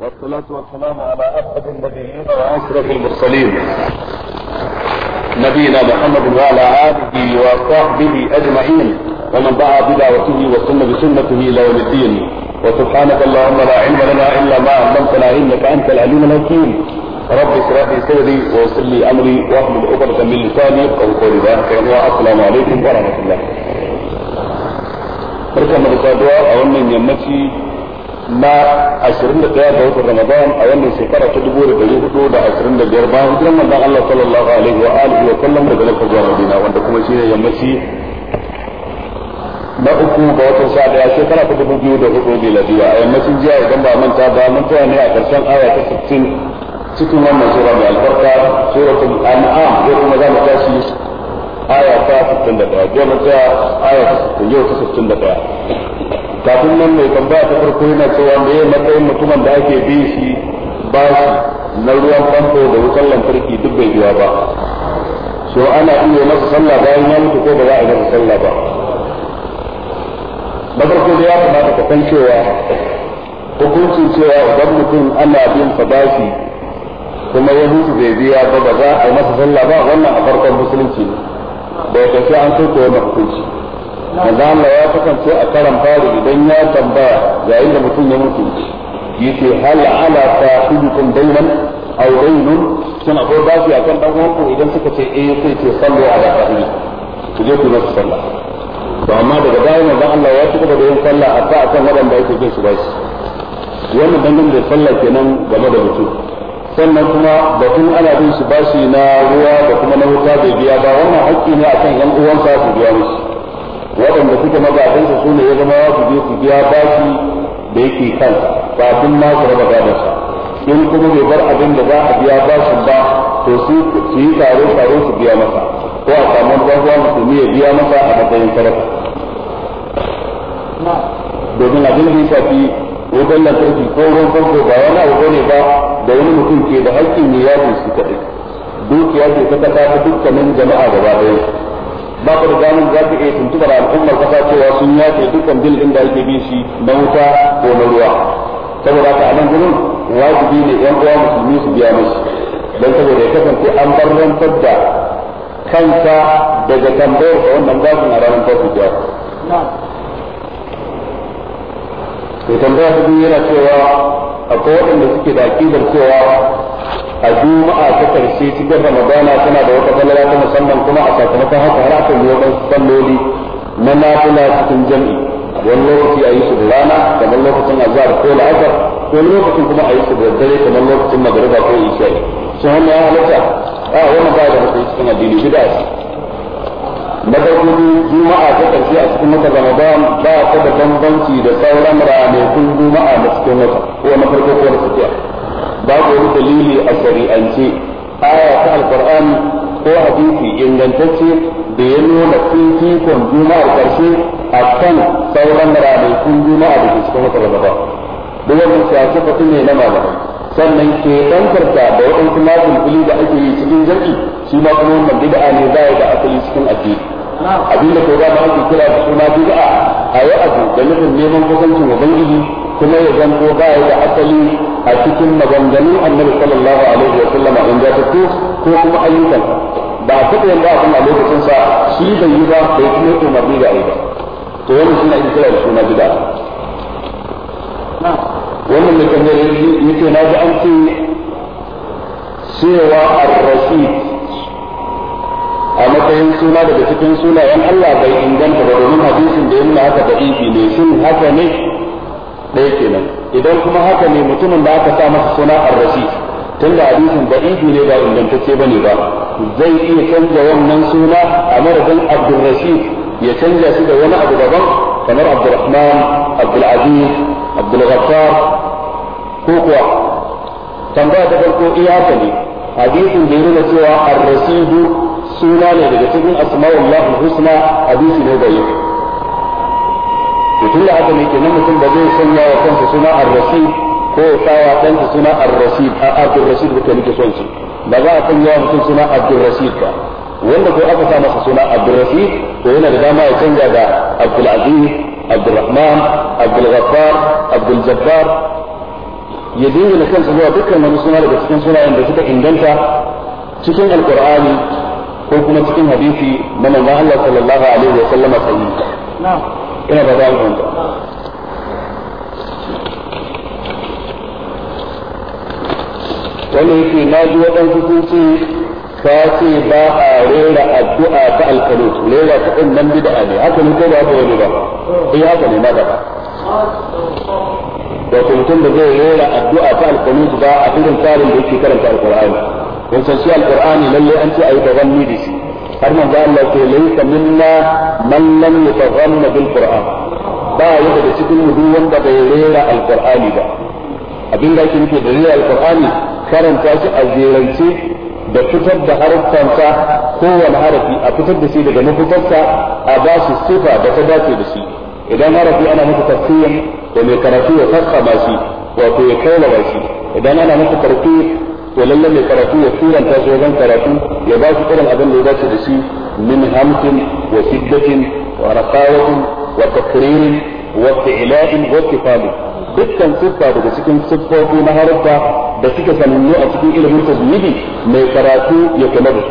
والصلاة والسلام على أسعد النبيين وأشرف المرسلين نبينا محمد وعلى آله وصحبه أجمعين ومن دعا بدعوته وسن بسنته إلى يوم الدين وسبحانك اللهم لا علم لنا إلا ما علمتنا إنك أنت العليم الحكيم رب اشرح لي صدري ويسر لي أمري واحلل عقدة من لساني أو قولي ذلك السلام عليكم ورحمة الله. بركة من الأدوار أو من يمتي na 21 ga watan Ramadan a wannan shekara ta 1425 bayan hijiran manzon Allah sallallahu alaihi wa alihi wa sallam daga Makka zuwa Madina wanda kuma shine yammaci na uku ga watan sha daya shekara ta dubu biyu da hudu miladiya a yammacin jiya idan ba manta ba mun tsaya ne a karshen aya ta 16 cikin wannan sura mai albarka suratul an'am ko kuma za mu tashi aya ta 61 jiya mun tsaya aya ta 61 yau ta 61 kafin nan mai tambaya ta farko yana cewa me ya matsayin mutumin da ake bin shi ba na ruwan famfo da wutar lantarki duk bai biya ba so ana iya masa sallah bayan ya mutu ko ba za a yi masa sallah ba na farko da ya kamata ka san cewa hukuncin cewa idan mutum ana bin sa bashi kuma ya mutu bai biya ba ba za a yi masa sallah ba wannan a farkon musulunci ne da ya kai an soke wannan hukunci manzo Allah ya kasance a karan fari idan ya tambaya yayin da mutum ya mutu yace hal ala sahibikum daynan aw daynun suna ko ba shi akan dan uwanku idan suka ce eh sai ce sallu ala sahibi ku je ku masa sallah to amma daga bayan manzo Allah ya tuka da yin sallah a akan wadanda yake jin su bashi wannan dangane da sallah kenan game da mutum sannan kuma batun ana bin shi bashi na ruwa da kuma na wuta bai biya ba wannan hakki ne akan yan uwansa su biya musu waɗanda suke magadansa su ne ya zama su je su biya bashi da yake kan kafin ma su raba su in kuma bai bar abin da za a biya bashin ba to su yi taro taro su biya masa ko a samu ɗan su musulmi ya biya masa a matsayin sadaka domin abin da ya shafi wajen lantarki ko ruwan farko ba wani abu ne ba da wani mutum ke da haƙƙin ne ya su kaɗai dukiya ce ta kasa ta dukkanin jama'a gaba ɗaya ba ku da ganin za ku iya tuntubar al'ummar kasa cewa sun yace dukkan bil din da ake bin shi na wuta ko na ruwa saboda ka anan gurin wajibi ne yan uwa musulmi su biya musu don saboda ya kasance an bar rantar da kansa daga tambayar da wannan gafin a ranar farko biya Sai tambaya ta biyu yana cewa akwai waɗanda suke da aƙidar cewa a juma'a ta karshe cikin ramadana tana da wata falala ta musamman kuma a sakamakon haka har aka yi waɗansu salloli na nafila cikin jam'i wani lokaci a yi su da rana kamar lokacin azhar ko la'asar wani lokacin kuma a yi su da dare kamar lokacin magariba ko isha'i sun hannu ya halatta a wannan ba da mutum cikin addini bid'a madaukakin juma'a ta ƙarshe a cikin wata ramadan ba ta da bambanci da sauran ranakun juma'a da cikin wata ko na farko ko na tsakiya babu wani dalili a shari'ance aya ta alqur'ani ko hadisi ingantacce da ya nuna fifikon juma'ar karshe a kan sauran ranakun juma'a da ke cikin wata ramadan duk wannan shafi ne na malamai sannan ke ɗankarta da waɗansu nafilfili da ake yi cikin jami'i shi ma kuma wannan bid'a ne ba da asali cikin addini abinda ko dama ake kira da suna bid'a a yi abu da nufin neman kusancin ubangiji kuma ya zanto ba da asali a cikin maganganun annabi sallallahu alaihi wa a in ta ko kuma ayyukan ba a taɓa a abin a lokacin sa shi bai yi ba bai kuma umarni da ayi ba to wani suna ake kira da suna bid'a wannan mai tambayar yake na ji an ce cewa ar-rasid a matsayin suna daga cikin sunayen Allah bai inganta ba domin hadisin da yana haka da ibi ne shin haka ne ɗaya kenan idan kuma haka ne mutumin da aka sa masa suna ar-rasid tunda hadisin da ibi ne ba ingantacce ne ba zai iya canza wannan suna a madadin Abdul ya canza shi da wani abu daban kamar Abdurrahman Abdul Aziz Abdul Ghaffar ko kuwa tambaya ta farko iya haka ne hadisin da yana cewa ar-rasidu suna ne daga cikin asma'ullahi husna hadisi ne da yake mutum da haka ne mutum ba zai sanya wa kansa suna ar-rasid ko sawa kansa suna ar-rasid a abdur-rasid da nake son shi ba za a sanya wa mutum suna abdur-rasid ba wanda ko aka sa masa suna abdur-rasid to yana da dama ya canja ga abdul-aziz abdul-rahman abdul-ghaffar abdul-jabbar ya dingina kansa zuwa dukkan wani suna daga cikin sunayen da suka inganta cikin alkur'ani ko kuma cikin hadisi na manzon Allah sallallahu alaihi wa sallama sahihi ina ba za mu wani yake na ji waɗansu sun ce ka ce ba a rera addu'a ta alkalu rera ta ɗin nan bid'a ne haka ne ko ba ta wani ba eh haka ne na ba. wato mutum da zai rera addu'a ta alqanut ba a irin tsarin da yake karanta alkur'ani kun san shi lalle an ce yi tawanni da shi har manzo Allah ce laysa minna man lam yatawanna bil qur'an ba ya daga cikin mu wanda bai rera alkur'ani ba abin da yake nufi da rera alkur'ani karanta shi a jerance da fitar da harfansa kowane harafi a fitar da shi daga mafitarsa a ba shi sifa da ta dace da shi idan harafi ana masa tafsirin da mai karatu ya fassama shi wato ya kaulawa shi idan ana masa karatu to lalle mai karatu ya turanta shi wajen karatu ya ba shi irin abin da ya dace da shi min hamsin wa siddatin wa raqawatin wa takririn wa fi'la'in wa kifalin dukkan siffa daga cikin siffofi na haruffa da suke sanannu a cikin ilimin tajwidi mai karatu ya kula da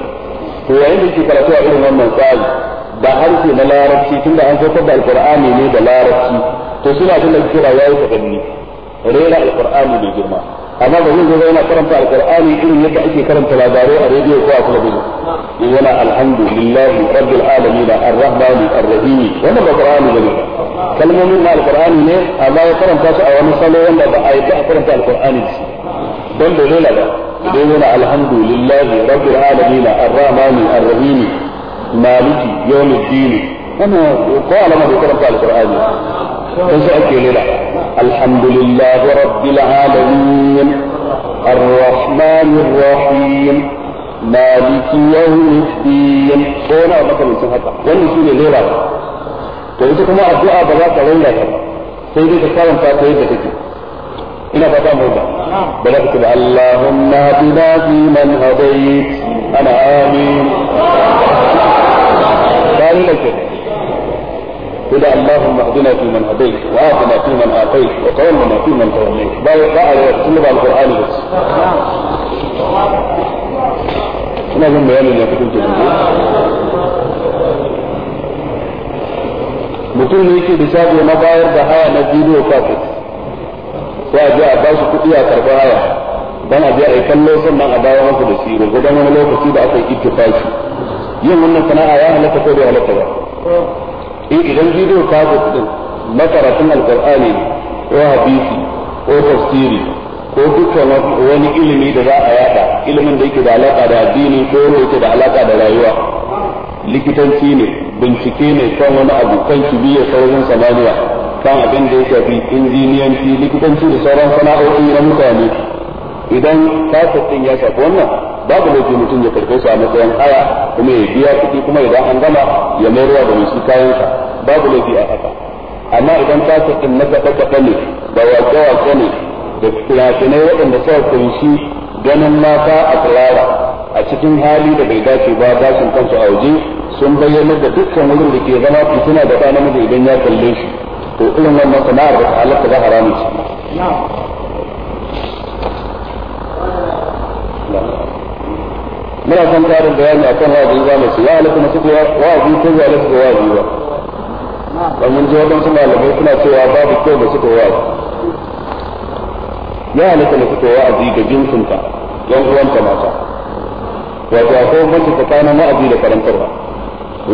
to yayin da yake karatu a irin wannan tsari ba harshe na larabci tunda an saukar da alqur'ani ne da larabci to suna abin da kira yayi takalli rera alqur'ani mai girma amma ba zai zo yana karanta alqur'ani irin yadda ake karanta labarai a rediyo ko a talabijin in yana alhamdulillahi rabbil alamin arrahmani arrahim wannan ba qur'ani bane kalmomin na alqur'ani ne amma ya karanta su a wani salo wanda ba a yi ta karanta alqur'ani shi dan da rera ba idan yana alhamdulillahi rabbil alamin arrahmani arrahim maliki yawmiddin wannan ko alama da karanta alqur'ani تزأكلنا الحمد لله رب العالمين الرحمن الرحيم مالك يوم الدين كون لك مثلا سنهتا وانا سيني ليلة تقول كما الدعاء بذات ليلة سيدي تكارم فاتحة تكي إنا فتاة موضع بلغت اللهم بنا في من هديت أنا آمين قال لك إلى اللهم اهدنا فيمن هديت وآتنا فيمن آتيت وتولنا فيمن توليت باي باع يتكلم عن القرآن بس أنا من بيان اللي كنت mutum ne yake lissafi na bayar da haya na bidiyo kafin sai a je a ba kuɗi a karɓi haya dan a je a yi kallo sannan a dawo masa da shi gurgurdan wani lokaci da aka yi ittifaki yin wannan sana'a ya halatta ko bai halatta ba eh idan bidiyo ka din makaratun alkur'ani ko hadisi ko tafsiri ko dukkan wani ilimi da za a yada ilimin da yake da alaka da addini ko wanda yake da alaka da rayuwa likitanci ne bincike ne kan wani abu kan kibiyar sauran samaniya kan abin da ya shafi injiniyanci likitanci da sauran sana'o'i na mutane idan kasafin ya shafi wannan babu laifi mutum ya karfe su a matsayin haya kuma ya biya kuɗi kuma idan an gama ya ruwa da wasu kayansa babu laifi a haka amma idan kasafin na kaɗe-kaɗe ne da wace wace ne da fina-finai waɗanda suka kunshi ganin mata a kulawa a cikin hali da bai dace ba gashin kansu a waje sun bayyana da dukkan wurin da ke zama fitina da ɗa namiji idan ya kalle shi to irin wannan sana'ar da ta halatta za haramun ciki muna son karin bayani akan wa'azin zamani ya halatta na suke wa'azi ko ya alaƙa ga wa'azi ba ba mun ji wadansu malamai suna cewa babu kyau da suka wa'azi ya halatta na a wa'azi ga jinsinka yan uwanta mata wato akwai mace tsakanin wa'azi da karantarwa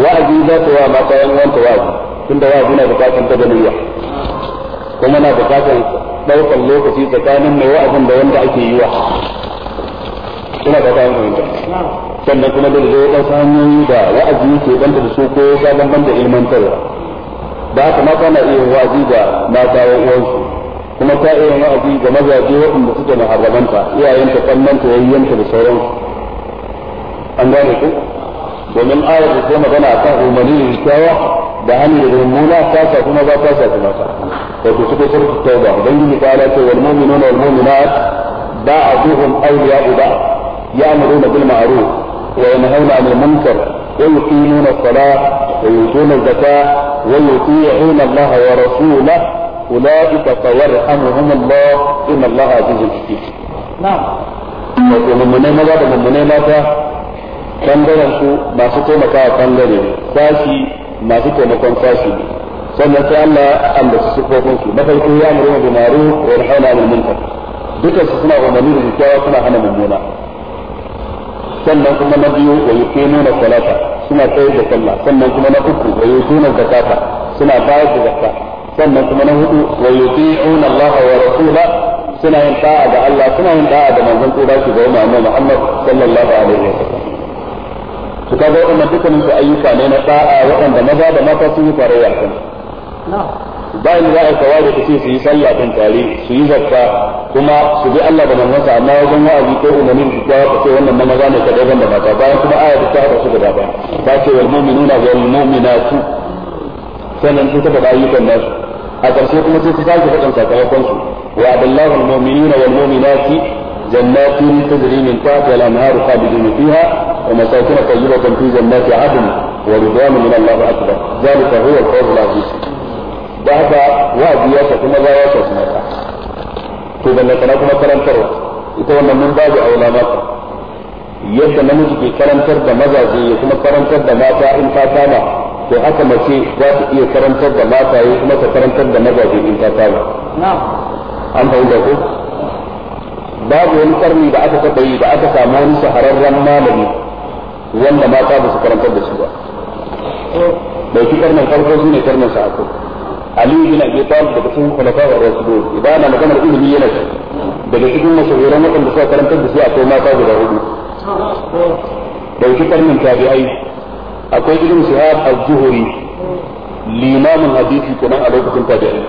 wa'azi za ta wa mata yan uwanta wa'azi tunda wa'azi na bukatar ta ganin kuma na bukatar ɗaukar lokaci tsakanin mai wa'azin da wanda ake yi wa ina ba ta fahimta sannan kuma da zai ɗan hanyoyi da wa'azi ke banta da su ko ya banta ilmantarwa da haka mata na iya wa'azi ga mata yan uwansu kuma ta iya wa'azi ga mazaje waɗanda suke muharramanta iyayenta kannanta yayyanta da sauransu an gane ku domin ayar da ta magana a kan umarni da kyawa da hannu da mummuna ta sa kuma ba ta sa kuma ta wato suka surta tauba ubangiji ta ala ce wal mu'minuna wal mu'minat ba'duhum awliya'u ba'd يأمرون بالمعروف وينهون عن المنكر ويقيمون الصلاة ويؤتون الزكاة ويطيعون الله ورسوله أولئك فيرحمهم الله إن الله عزيز حكيم. نعم. من منين ماذا؟ من منين ماذا؟ كان بين شو؟ ما سكون مكا كان بين فاشي ما سكون مكا فاشي. سنة الله أن تسكون شو؟ مثلا يقول يأمرون بالمعروف ويرحمون عن المنكر. بكرة سنة ومنين الكاوة سنة أنا من منين؟ sannan kuma na biyu wa nuna salata suna kai da sallah sannan kuma na uku wa yutuna zakata suna bayar da zakka sannan kuma na hudu wa yuti'una Allah wa rasula suna yin da'a da Allah suna yin da'a da manzon tsira shi ga Muhammad sallallahu alaihi wa wasallam su kaga wannan dukkanin su ayyuka ne na da'a waɗanda maza da mata sun yi tarayya kan bayan da za a kawo da kace su yi sallah kan tare su yi zakka kuma su bi Allah da manzansa amma wajen wa'azi ko umarnin su ta ce wannan na maza ne ka daban da mata bayan kuma aya ta haɗa su gaba ba ta ce wal mu'minuna wal mu'minatu sannan su ta faɗa ayyukan nasu a ƙarshe kuma sai su sake faɗin sakamakon su wa adallahu al mu'minuna wal mu'minati jannatin tajri min جنات تجري من تحتها الانهار خالدين فيها ومساكن طيبه في جنات عدن ورضوان من الله اكبر ذلك هو الفوز العظيم da haka wa'azi ya shafi maza ya shafi mata to ballantana kuma karantarwa ita wannan mun babu aula mata yadda namiji ke karantar da mazaje ya kuma karantar da mata in ta kama to haka mace za ta iya karantar da mata ya kuma ta karantar da mazaje in ta kama an fahimta ko babu wani karni da aka taɓa yi da aka samu wani shahararren malami wanda mata ba su karantar da shi ba bai fi karnin farko su ne karnin sa'ako Ali bin Abi Talib daga cikin khulafa wa rasulun idan ana maganar ilimi yana shi daga cikin mashahuran waɗanda suka karantar da su akwai mata guda hudu dauki karnin tabi'ai akwai ibn Shihab az-Zuhri limamin hadisi kenan a lokacin tabi'ai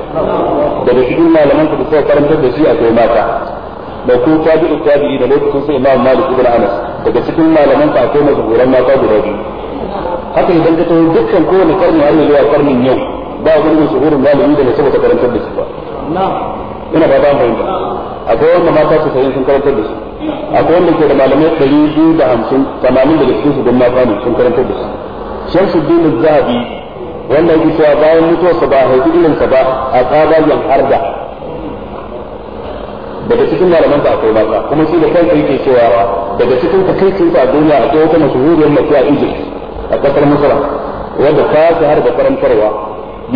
daga cikin malaman da suka karantar da shi akwai mata da ko tabi'u tabi'i da lokacin sai Imam Malik ibn Anas daga cikin malaman ka akwai mashahuran mata guda biyu haka idan ka taho dukkan kowane karni har zuwa karnin yau ba gurbin shuhurin malami da mace bata karantar da shi ba ina ba an fahimta akwai wanda mata su sayin sun karantar da shi akwai wanda ke da malamai ɗari biyu da hamsin tamanin da cikin su don mata ne sun karantar da shi shamsuddin zahabi wanda yake cewa bayan mutuwarsa ba haifi irinsa ba a tsabagen harda daga cikin malaman ta akwai mata kuma shi da kansa yake cewa daga cikin takaicinsa a duniya akwai wata mashahuriyar mace a Egypt a kasar Misra wadda ta shahara da karantarwa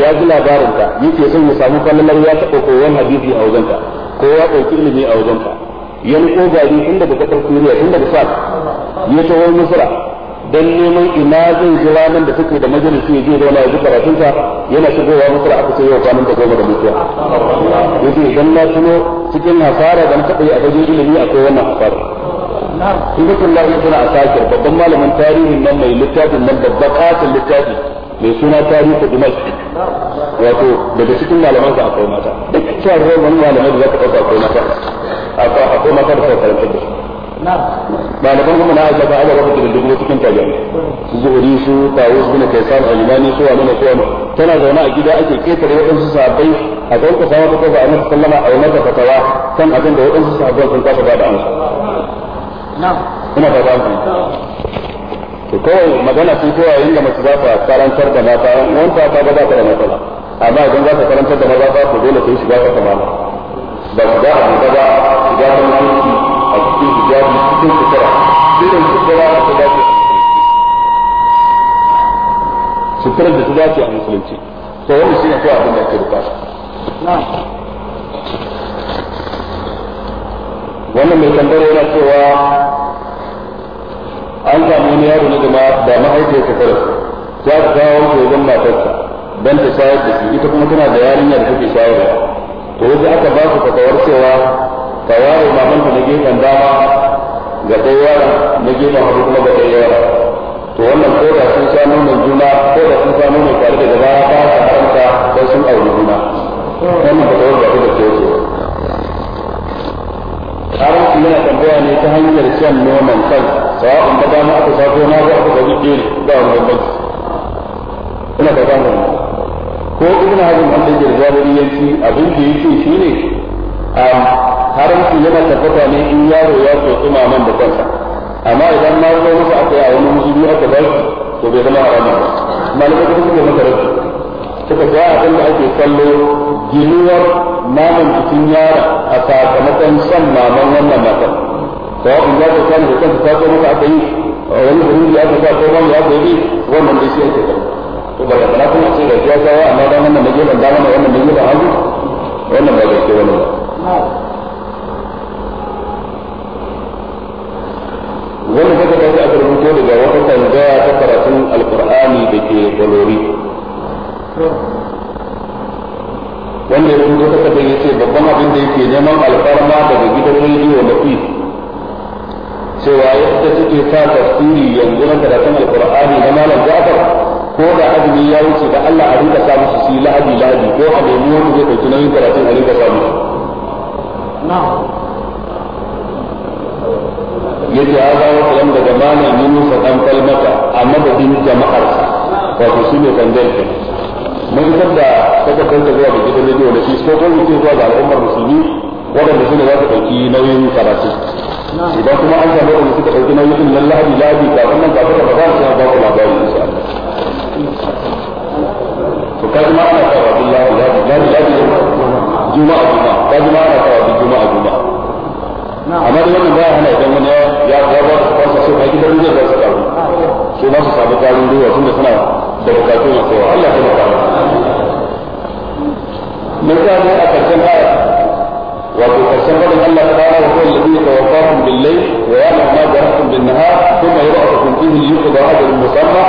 ya ji labarin ka yake son ya samu kwanan ya taɓa koyon hadisi a wajenka ko ya ɗauki ilimi a wajenka ya niko gari tun daga ƙasar Suriya tun daga Sham ya taho Misra dan neman ina zai ji ranar da suke da majalisi ya je zauna ya ji sa yana shigowa Misra aka ce yau kwanan da goma da mutuwa yake idan na tuno cikin hasara da na taɓa yi a fagen ilimi akwai wannan hasara in da kullum ibn asakir babban malamin tarihin nan mai littafin nan babban katin littafi mai suna tarihi dimash wato daga cikin malaman sa akwai mata duk cewa wani malamai da zaka dauka akwai mata akwai akwai mata da suka karanta da malaman kuma na aika ala rabu da dubu cikin tabi'ai zuhuri su tawus bin kaisan al su amana su amana tana zaune a gida ake ketare waɗansu sahabbai a ɗauka sama ta kaza annabi sallama a yi fatawa kan abin da waɗansu sahabban sun kasa ba da amsa ina ba ba to kawai magana sun kowa inda mace za ta karantar da mata wanda ta ga za ta da matsala amma idan za ta karantar da maza ta ku dole sai shiga ta kamala ba su ga abu ba shiga wani a cikin hijabi cikin sutura irin sutura da ta dace suturar da ta dace a musulunci to wani shi ne kawai abin da ake bukata wannan mai tambayar yana cewa an samu wani yaro na jama'a da mahaifiyar ta kare ta ta kawo ta wajen matarsa dan ta shayar da shi ita kuma tana da yarinya da take shayarwa to yadda aka ba su fatawar cewa ka ware ta na gefen dama ga ɗaya na gefen hagu kuma ga ɗaya to wannan ko da sun sha nonon juna ko da sun sha nonon tare da gaba ba sa kanta sai sun auri juna wannan ba kawai ba ta da kyau ce haramci yana tambaya ne ta hanyar shan nonon kansa sawa'un na dama aka sa ko na ko aka ga duk ne ba wani bambanci ina da gano ko ibn hazm an dake jabiri yanci abin da yake shine a haramci yana tabbata ne in yaro ya so imaman da kansa amma idan ma zo masa aka yi a wani musulmi aka ba shi to bai zama haramun ba malamai kuma suka masa rabu suka ga abin da ake kallo ginuwar naman cikin yara a sakamakon son maman wannan matan sawa'in ya ta kana hukun ta ko maka aka yi wani hurumi ya ta ko ma ya ta yi wannan dai sai ake karɓa to ba da kana kuma sai da ya kawo amma dan wannan ne gefen dama da wannan ne gefen hagu wannan ba gaske wani ba wannan kaka ta aka rubuto daga wata tambaya ta karatun alqur'ani da ke balori wanda ya rubuto kaka da yace babban abin da yake neman alfarma daga gidan rediyo na fi cewa yadda suke sa tafsiri yanzu na karatun alqur'ani na malam Ja'far ko da azumi ya wuce da Allah a rinka sa musu shi lahabi lahabi ko a nemi wani zai dauki nauyin karatun a rinka sa musu yace ya zawo kalam daga malam Yunus dan kalmata a madadin jama'ar wato shi ne tangal mun fitar da sakatarta zuwa da gidan rediyo da shi ko kuma zuwa ga al'ummar musulmi waɗanda su ne za su ɗauki nauyin karatu idan kuma an samu wanda suka ɗauki nauyi din nan lahadi lahadi kafin nan kafin ramadan sai ba ku labari insha Allah to kaji ma ana karatu lahadi lahadi lahadi lahadi juma juma'a kaji ma ana karatu juma'a juma'a amma da wannan baya hana idan wani ya ya ba su kwasa sai kai dan zai ba su karu sai ba su samu karin gwiwa tunda suna da bukatu na kowa Allah ya baka mu ta ne a karshen ayar قال الله تعالى وهو الذي يتوفاكم بالليل ويعلم ما جرحتم بالنهار ثم يبعثكم فيه ليقضى هذا المسمى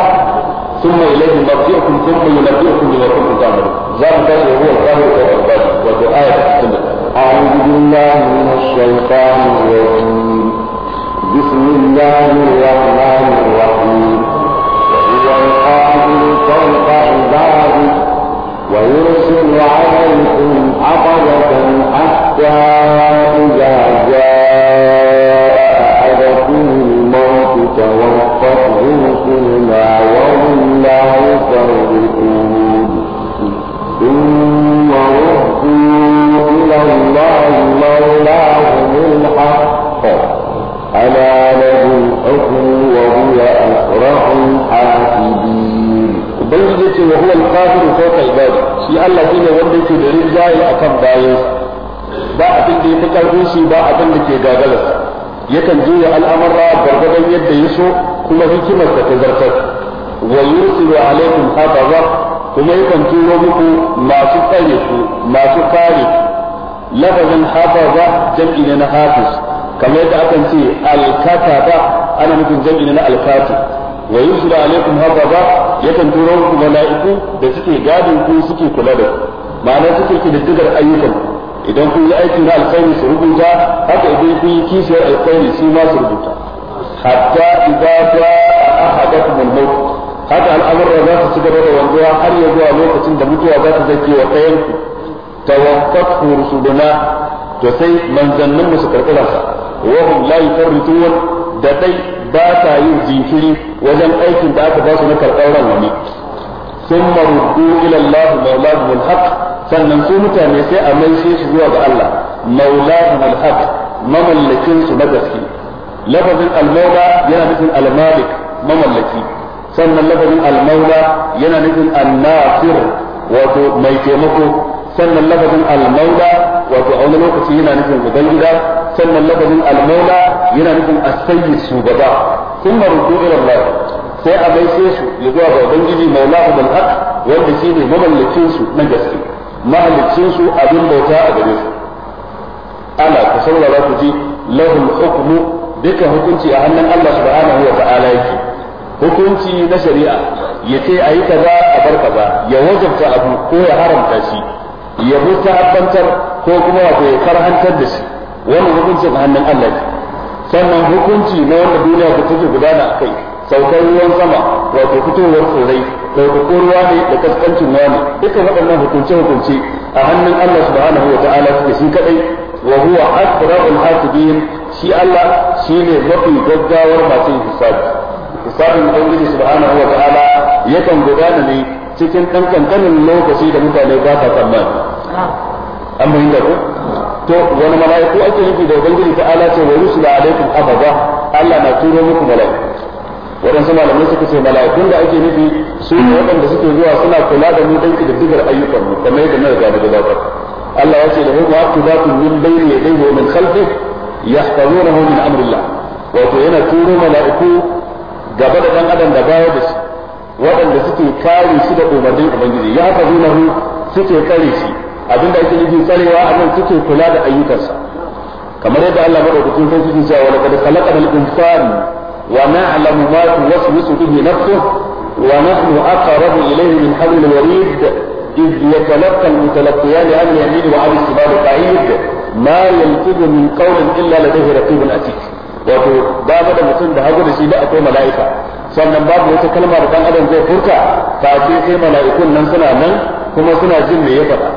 ثم إليه مرجعكم ثم ينبئكم بما كنتم تعملون ذلك هو القاهر وفي ودعاء السنة أعوذ بالله من الشيطان الرجيم بسم الله الرحمن الرحيم وهو القادر فوق عباده ويرسل حتى shi ba abin da ke gagalarsa yakan juya al'amura gargadan yadda ya so kuma hikimarsa ta zartar wa yursilu alaikum hafaza kuma yakan turo muku masu tsare ku masu kare lafazin hafaza jam'i ne na hafiz kamar yadda akan ce alkataba ana nufin jam'i ne na alkati wa yursilu alaikum hafaza yakan turo muku mala'iku da suke gadin ku suke kula da ku ma'ana suke kididdigar ayyukan ku idan kun yi aiki na alkhairi su rubuta haka idan kun yi kishiyar alkhairi su ma su rubuta hatta idza jaa ahadakum al haka al'amuran za su ci gaba da wanzuwa har ya zuwa lokacin da mutuwa za ta zake wa ɗayan ku tawaffatu rusuluna to sai manzannin mu su karɓi ransa wa hum la yufarritun da dai ba ta yin jinkiri wajen aikin da aka ba su na karɓar wani thumma ruddu ila Allah mawlahum al-haq sannan su mutane sai a maishe shi zuwa ga Allah mawlahum al mamallakin su na gaske lafazin al-mawla yana nufin al mamallaki sannan lafazin al-mawla yana nufin an wato mai taimako sannan lafazin al-mawla wato a wani lokaci yana nufin ubangida sannan lafazin al-mawla yana nufin as-sayyid shugaba thumma ruddu ila Allah sai a maishe su ya zuwa ga ubangiji maulahu bil haq wanda shi ne mamallakin su na gaske mahallicin su abin bauta a gare su ala ku saurara ku ji lahul hukmu duka hukunci a hannun Allah subhanahu wa ta'ala yake hukunci na shari'a ya yace ayi kaza a bar kaza ya wajabta abu ko ya haramta shi ya mutabbantar ko kuma wato ya karhantar da shi wannan hukuncin a hannun Allah sannan hukunci na wanda duniya ku take gudana a kai saukar ruwan sama wato fitowar tsirrai ɗaukako ruwa ne da kaskancin ruwa ne dukkan waɗannan hukunce-hukunce a hannun Allah subhanahu wa ta'ala suke shi kadai wa huwa asra'ul hasibin shi Allah shine mafi gaggawar masu hisabi hisabin ubangiji subhanahu wa ta'ala yakan gudana ne cikin ɗan kankanin lokaci da mutane ba sa tsammani an bayyana ko to wani mala'iku ake nufi da ubangiji ta'ala ce wa rusula alaikum abada Allah na turo muku mala'iku waɗansu malamai suka ce mala'ikun da ake nufi su ne waɗanda suke zuwa suna kula da mu dan kididdigar ayyukan mu kamar yadda na riga da gabatar Allah ya ce da hukum aqibatun min bayni yadayhi wa min khalfihi yahfazunahu min amrillah wato yana turo mala'iku gaba da dan adam da baya da shi waɗanda suke kare shi da umarnin ubangiji ya yahfazunahu suke kare shi abinda ake nufi tsarewa a nan suke kula da ayyukansa kamar yadda Allah madaukakin sarki ke cewa wa laqad khalaqal insana ونعلم ما توسوس به نفسه ونحن أقرب إليه من حبل الوريد إذ يتلقى المتلقيان عن اليمين وعن الشمال بعيد ما يلفظ من قول إلا لديه رقيب أتيك wato ba da mutum da hagu da shi da akwai mala'ika sannan babu wata kalma da dan adam zai furta ta ce sai mala'ikun nan suna nan kuma suna jin me ya faɗa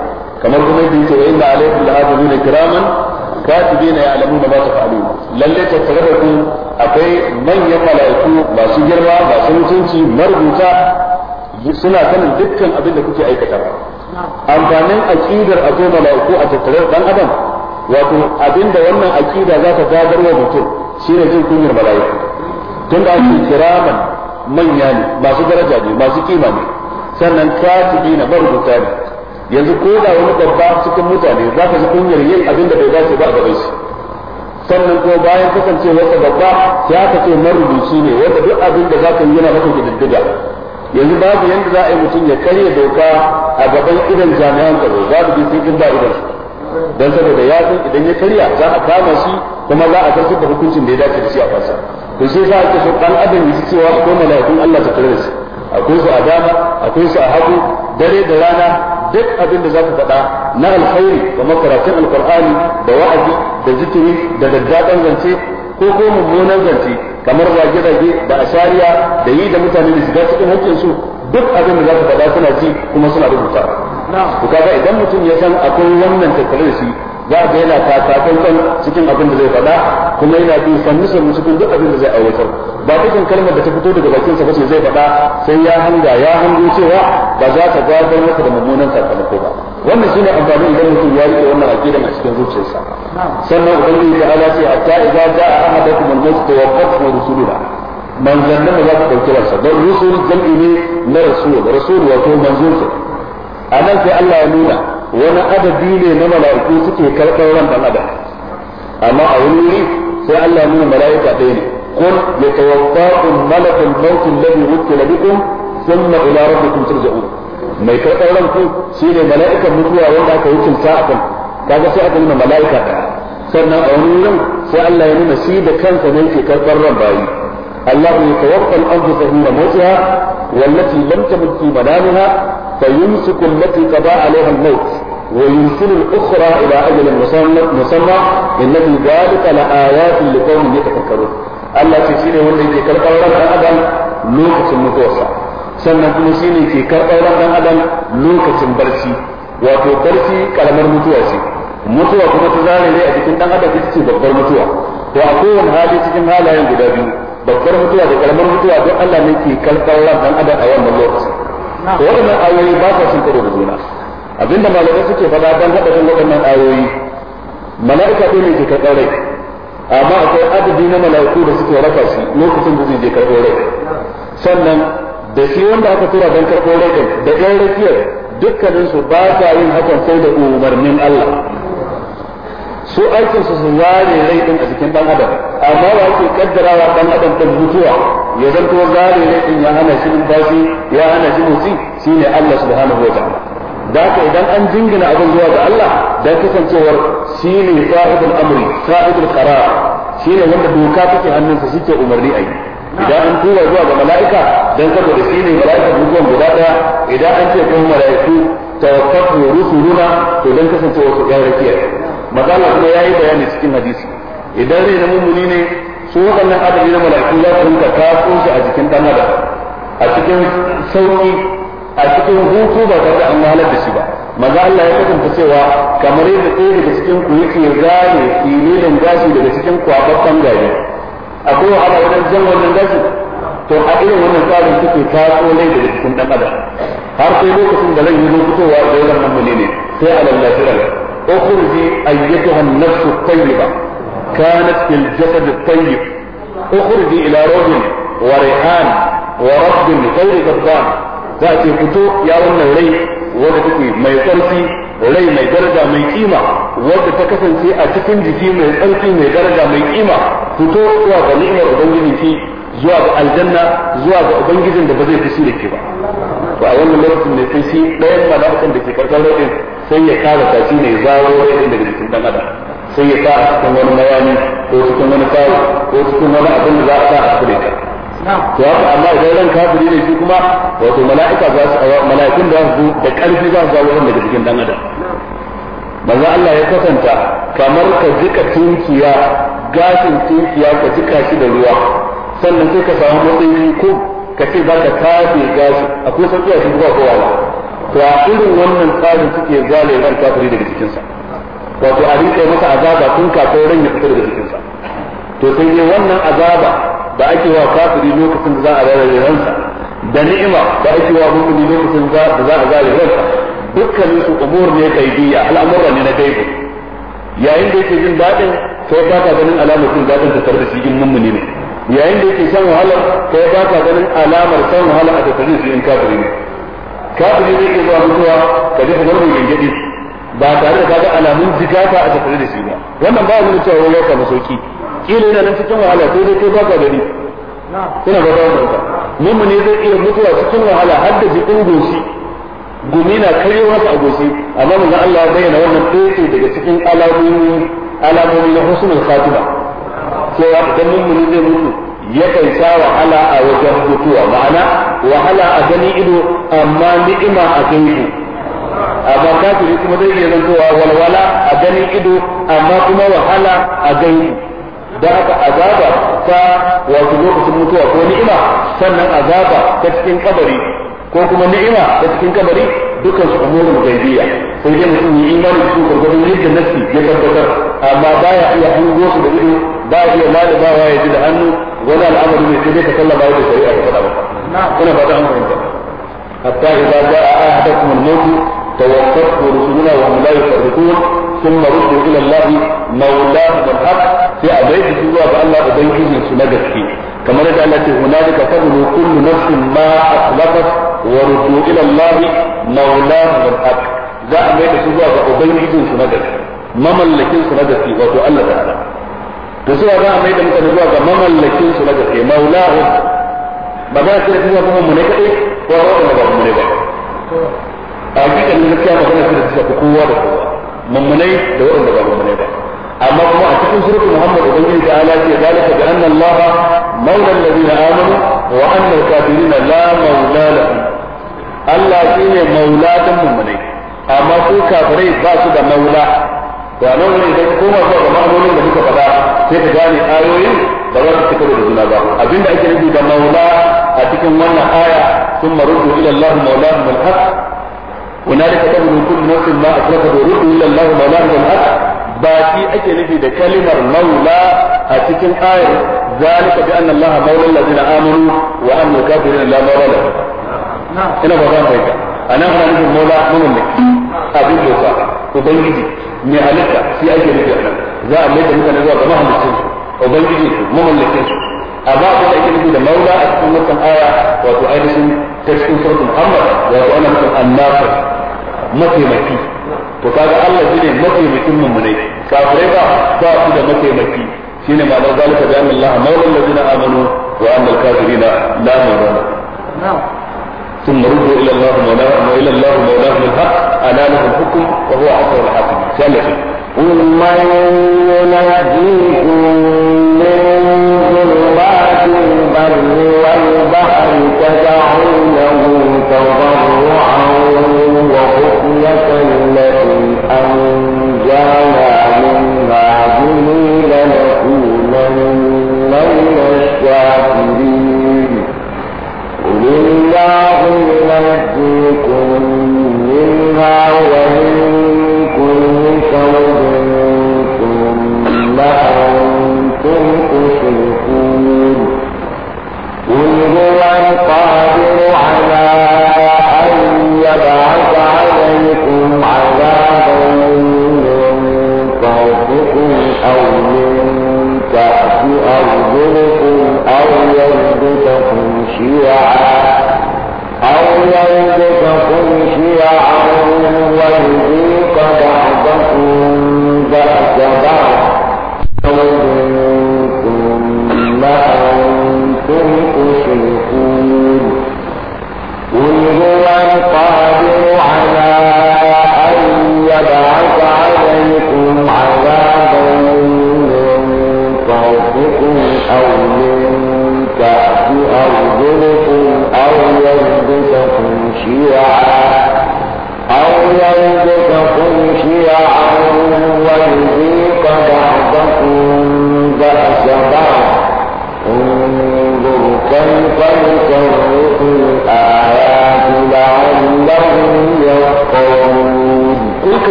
kamar kuma yadda yake wa inna alaikum la'abuduna kiraman katibina ya'lamuna ma tafa'alun lalle tattare da ku akwai manyan mala'iku masu girma masu mutunci marubuta suna sanin dukkan abin da kuke aikata amfanin aqidar akwai mala'iku a tattare dan adam wato abinda wannan aqida za ta gadar wa mutum shine jin kunyar mala'iku da ake kiraman manya ne masu daraja ne masu kima ne sannan katibi na marubuta ne yanzu ko da wani babba cikin mutane za ka ji kunyar yin abin da bai dace ba a gaban shi sannan kuma bayan kasancewarsa babba ya aka ce marubuci ne wanda duk abin da zaka yi yana maka kididdiga yanzu babu yanda za a yi mutum ya karya doka a gaban idan jami'an tsaro babu bi sun in ba idan dan saboda ya san idan ya karya za a kama shi kuma za a tartar da hukuncin da ya dace da shi a fasa to za a ake so dan adam yi cewa ko mala'ikun Allah ta kare da shi akwai su a dama akwai su a hagu dare da rana duk abin da za ku faɗa na alkhairi kamar makaratun alkur'ani da wa'azi da zikiri da daddaɗan zance ko ko mummunan zance kamar zage-zage da ashariya da yi da mutane da shiga cikin su duk abin da za ku faɗa suna ji kuma suna rubuta. Ku kaga idan mutum ya san akwai wannan tattare da shi za ga yana takatsantsan cikin abin da zai faɗa kuma yana bi sannu sannu cikin duk abin da zai aiwatar ba dukkan kalmar da ta fito daga bakin sa bace zai faɗa sai ya hanga ya hango cewa ba za ta gadar masa da mummunan sakamako ba wannan shine amfani idan mutum ya rike wannan aqidan a cikin zuciyarsa sannan ubangiji ta ala sai hatta idza jaa ahadakum al-maut tawaffatu rusuluna manzannin ba za ku ɗauki ransa don rusul jam'i ne na rasul rasul wato manzon a anan sai Allah ya nuna wani adadi ne na mala'iku suke karɓar ran dan adam amma a wani wuri sai Allah nuna mala'ika ɗaya ne قل يتوفاكم ملك الموت الذي وكل بكم ثم الى ربكم ترجعون mai karɓar ran ku shine mala'ikan mutuwa wanda aka yi sa a kan kaga sai aka nuna mala'ika ɗaya sannan a wani wurin sai Allah ya nuna shi da kansa ne ke karɓar ran bayi Allah ya tawaffa al-anfusa hina mawtiha wallati lam tamut fi manamiha fayumsiku allati qada alaiha al-maut ويرسل الأخرى إلى أجل مسمى إن في ذلك لآيات لقوم يتفكرون الله تشيني wanda yake karɓar ran ɗan adam lokacin mutuwarsa sannan kuma shi ne ke karɓar ran ɗan adam lokacin barci wato barci karamar mutuwa ce mutuwa kuma ta ne a jikin ɗan adam ita ce babbar mutuwa to a kowane hali cikin halayen guda biyu babbar mutuwa da karamar mutuwa don Allah ne ke karɓar a waɗannan ayoyi ba sa sun karo da juna abinda malamai suke faɗa don haɗa kan waɗannan ayoyi mala'ika ɗin ne ke rai amma akwai adadi na mala'iku da suke raka shi lokacin da zai je karɓo rai sannan da shi wanda aka tura don karɓo rai ɗin da ɗan rakiyar dukkaninsu ba sa yin hakan sai da umarnin Allah su aikin su zare rai din a jikin ɗan adam amma ba ake kaddarawa ɗan adam din mutuwa ya zanto zare rai ɗin ya hana shi numfashi ya hana shi motsi shine Allah subhanahu wa ta'ala da idan an jingina abin zuwa ga Allah dan kasancewar shi ne sa'idul amri sa'idul qarar shi ne wanda doka take hannunsa shi ke umarni a yi idan an tura zuwa ga mala'ika dan saboda shi ne mala'ika dukkan guda daya idan an ce kuma mala'iku tawaffatu rusuluna to dan kasancewa su ga rakiya magana kuma yayi bayani cikin hadisi idan rina na mummuni ne su waɗannan adadi na mala'iku za su rinka kafin shi a jikin dan adam a cikin sauki a cikin hutu ba tare da an malar da shi ba maza Allah ya kasance cewa kamar yadda ɗaya daga cikin ku yake zane da gashi daga cikin kwakwakwan gari akwai wahala wajen jan wannan gashi to a irin wannan tsarin suke taso lai daga cikin ɗan adam har sai lokacin da lai zo fitowa da yawan nan mune ne sai a lallashi rai ukhruji ayyatuha an-nafsu at-tayyiba kanat fil jasad at-tayyib ukhruji ila rawdin wa rihan wa rabbin ghayri ghadban za a ce fito ya wannan rai wanda take mai tsarki rai mai daraja mai kima wanda ta kasance a cikin jiki mai tsarki mai daraja mai kima fito zuwa ga ni'imar ubangiji ki zuwa ga aljanna zuwa ga ubangijin da ba zai fushi da ke ba to a wannan lokacin ne sai shi ɗayan mala'ikan da ke karɓar rai sai ya kara tashi ne zawo rai daga jikin dan adam sai ya sa cikin wani mayani ko cikin wani kawo ko cikin wani abin da za a sa a kure ka to haka amma idan ran kafiri ne shi kuma wato mala'ika za su mala'ikun da su da karfi za su zawo wurin daga cikin dan adam manzo Allah ya kasanta kamar ka jika tunkiya gashin tunkiya ka jika shi da ruwa sannan sai ka samu matsayi ko ka ce za ka kafe gashi akwai sauki a cikin kowa ba to a irin wannan tsarin suke zale ran kafiri daga cikinsa wato a rinka masa azaba tun kafin ran ya fita daga cikinsa to sai dai wannan azaba da ake wa kafiri lokacin da za a zare ransa da ni'ima da ake wa mu'mini lokacin da za a zare ransa dukkanin su umur ne kaidiyya al'amura ne na gaibu yayin da yake jin daɗin sai ba ka ganin alamar jin daɗin ta tare da shi in mummuni ne yayin da yake shan wahala sai ba ka ganin alamar shan wahala a tattare da shi in kafiri ne kafiri ne ke zuwa mutuwa ka ji kamar mai gangadi ba tare da ka ga alamun jigata a tattare da shi ba wannan ba mu cewa ya ka masauki kila yana nan cikin wahala sai dai kai ba ka gani kuna ba ba ba mu ne zai iya mutuwa cikin wahala har da jikin goshi gumi na karyo masa a goshi amma manzon Allah ya bayyana wannan ɗaya daga cikin alamomi alamomi na husnul sai cewa idan mummuni zai mutu yakan sha wahala a wajen mutuwa ma'ana wahala a gani ido amma ni'ima a gaibu amma kafiri kuma zai iya zantowa walwala a ganin ido amma kuma wahala a gaibu da haka azaba ta wato lokacin mutuwa ko ni'ima sannan azaba ta cikin kabari ko kuma ni'ima ta cikin kabari dukkan su umurul gaibiya sai dai mutum yi imani da su gurgurun yadda nafsi ya tabbatar amma baya iya hango su da ido baya iya ba ya ji da hannu wani al'amari ne sai dai ka sallama da shari'a ya faɗa maka kuna fata an fahimta hatta idza jaa ahadakum al-maut tawaffatu rusuluna wa hum la yufarriqun ثم ردوا إلى الله مولاهم الحق في أبيت سوى بأن أبيهم سنجد فيه كما رجع التي هنالك kullu كل نفس ما أسلفت وردوا إلى الله مولاهم الحق za a bai da su zuwa ga ubangijin su na gaske mamallakin su na gaske wato Allah ta'ala da zuwa za a bai da mutane zuwa ga mamallakin su na gaske maulahu ba za su zuwa kuma mu ne kadai ko ba mu ne ba a gidan gaskiya ba za su da kowa da kowa mummunai da waɗanda ba mummunai ba amma kuma a cikin surat Muhammad ubangiji ta ala ce zalika bi anna Allah maula alladhina amanu wa anna alkafirina la maula lahum Allah shine maula din mummunai amma su kafirai ba su da maula to a nan idan koma zuwa da ma'anonin da muka faɗa sai ka gane ayoyin ba za su cika da juna ba abinda ake nufi da maula a cikin wannan aya sun marudu ila Allah maula al-haq هنالك تبدو كل نفس ما أشركت ويقول إلا الله مولانا الحق باقي أكل في كلمة مولى أتكن آية ذلك بأن الله مولى الذين آمنوا وأن الكافرين لا مولى لهم ina ba zan fahimta a nan ana nufin mola mamallaki abin doka ubangiji mai halitta shi ake nufi a nan za a mai da mutane zuwa a mahallicin ubangiji su su amma abin da ake nufi da maula a cikin wannan aya wato ainihin ta cikin suratul muhammad wato ana nufin annafa mataimaki to kaga Allah shine mataimakin mummunai kafirai ba ba su da mataimaki shine ma dan zalika bi anna Allah maula alladhina amanu wa anna al-kafirina la mawla ثم ردوا الى الله مولاهم والى الله مولاهم الحق الا له الحكم وهو اصل الحاكم ثالثا قل من يناديكم والبحر تدعونه تضرعا وخفية لئن أنجانا من هذه لنكونن من الشاكرين قل الله ينجيكم منها ومن كل شر الله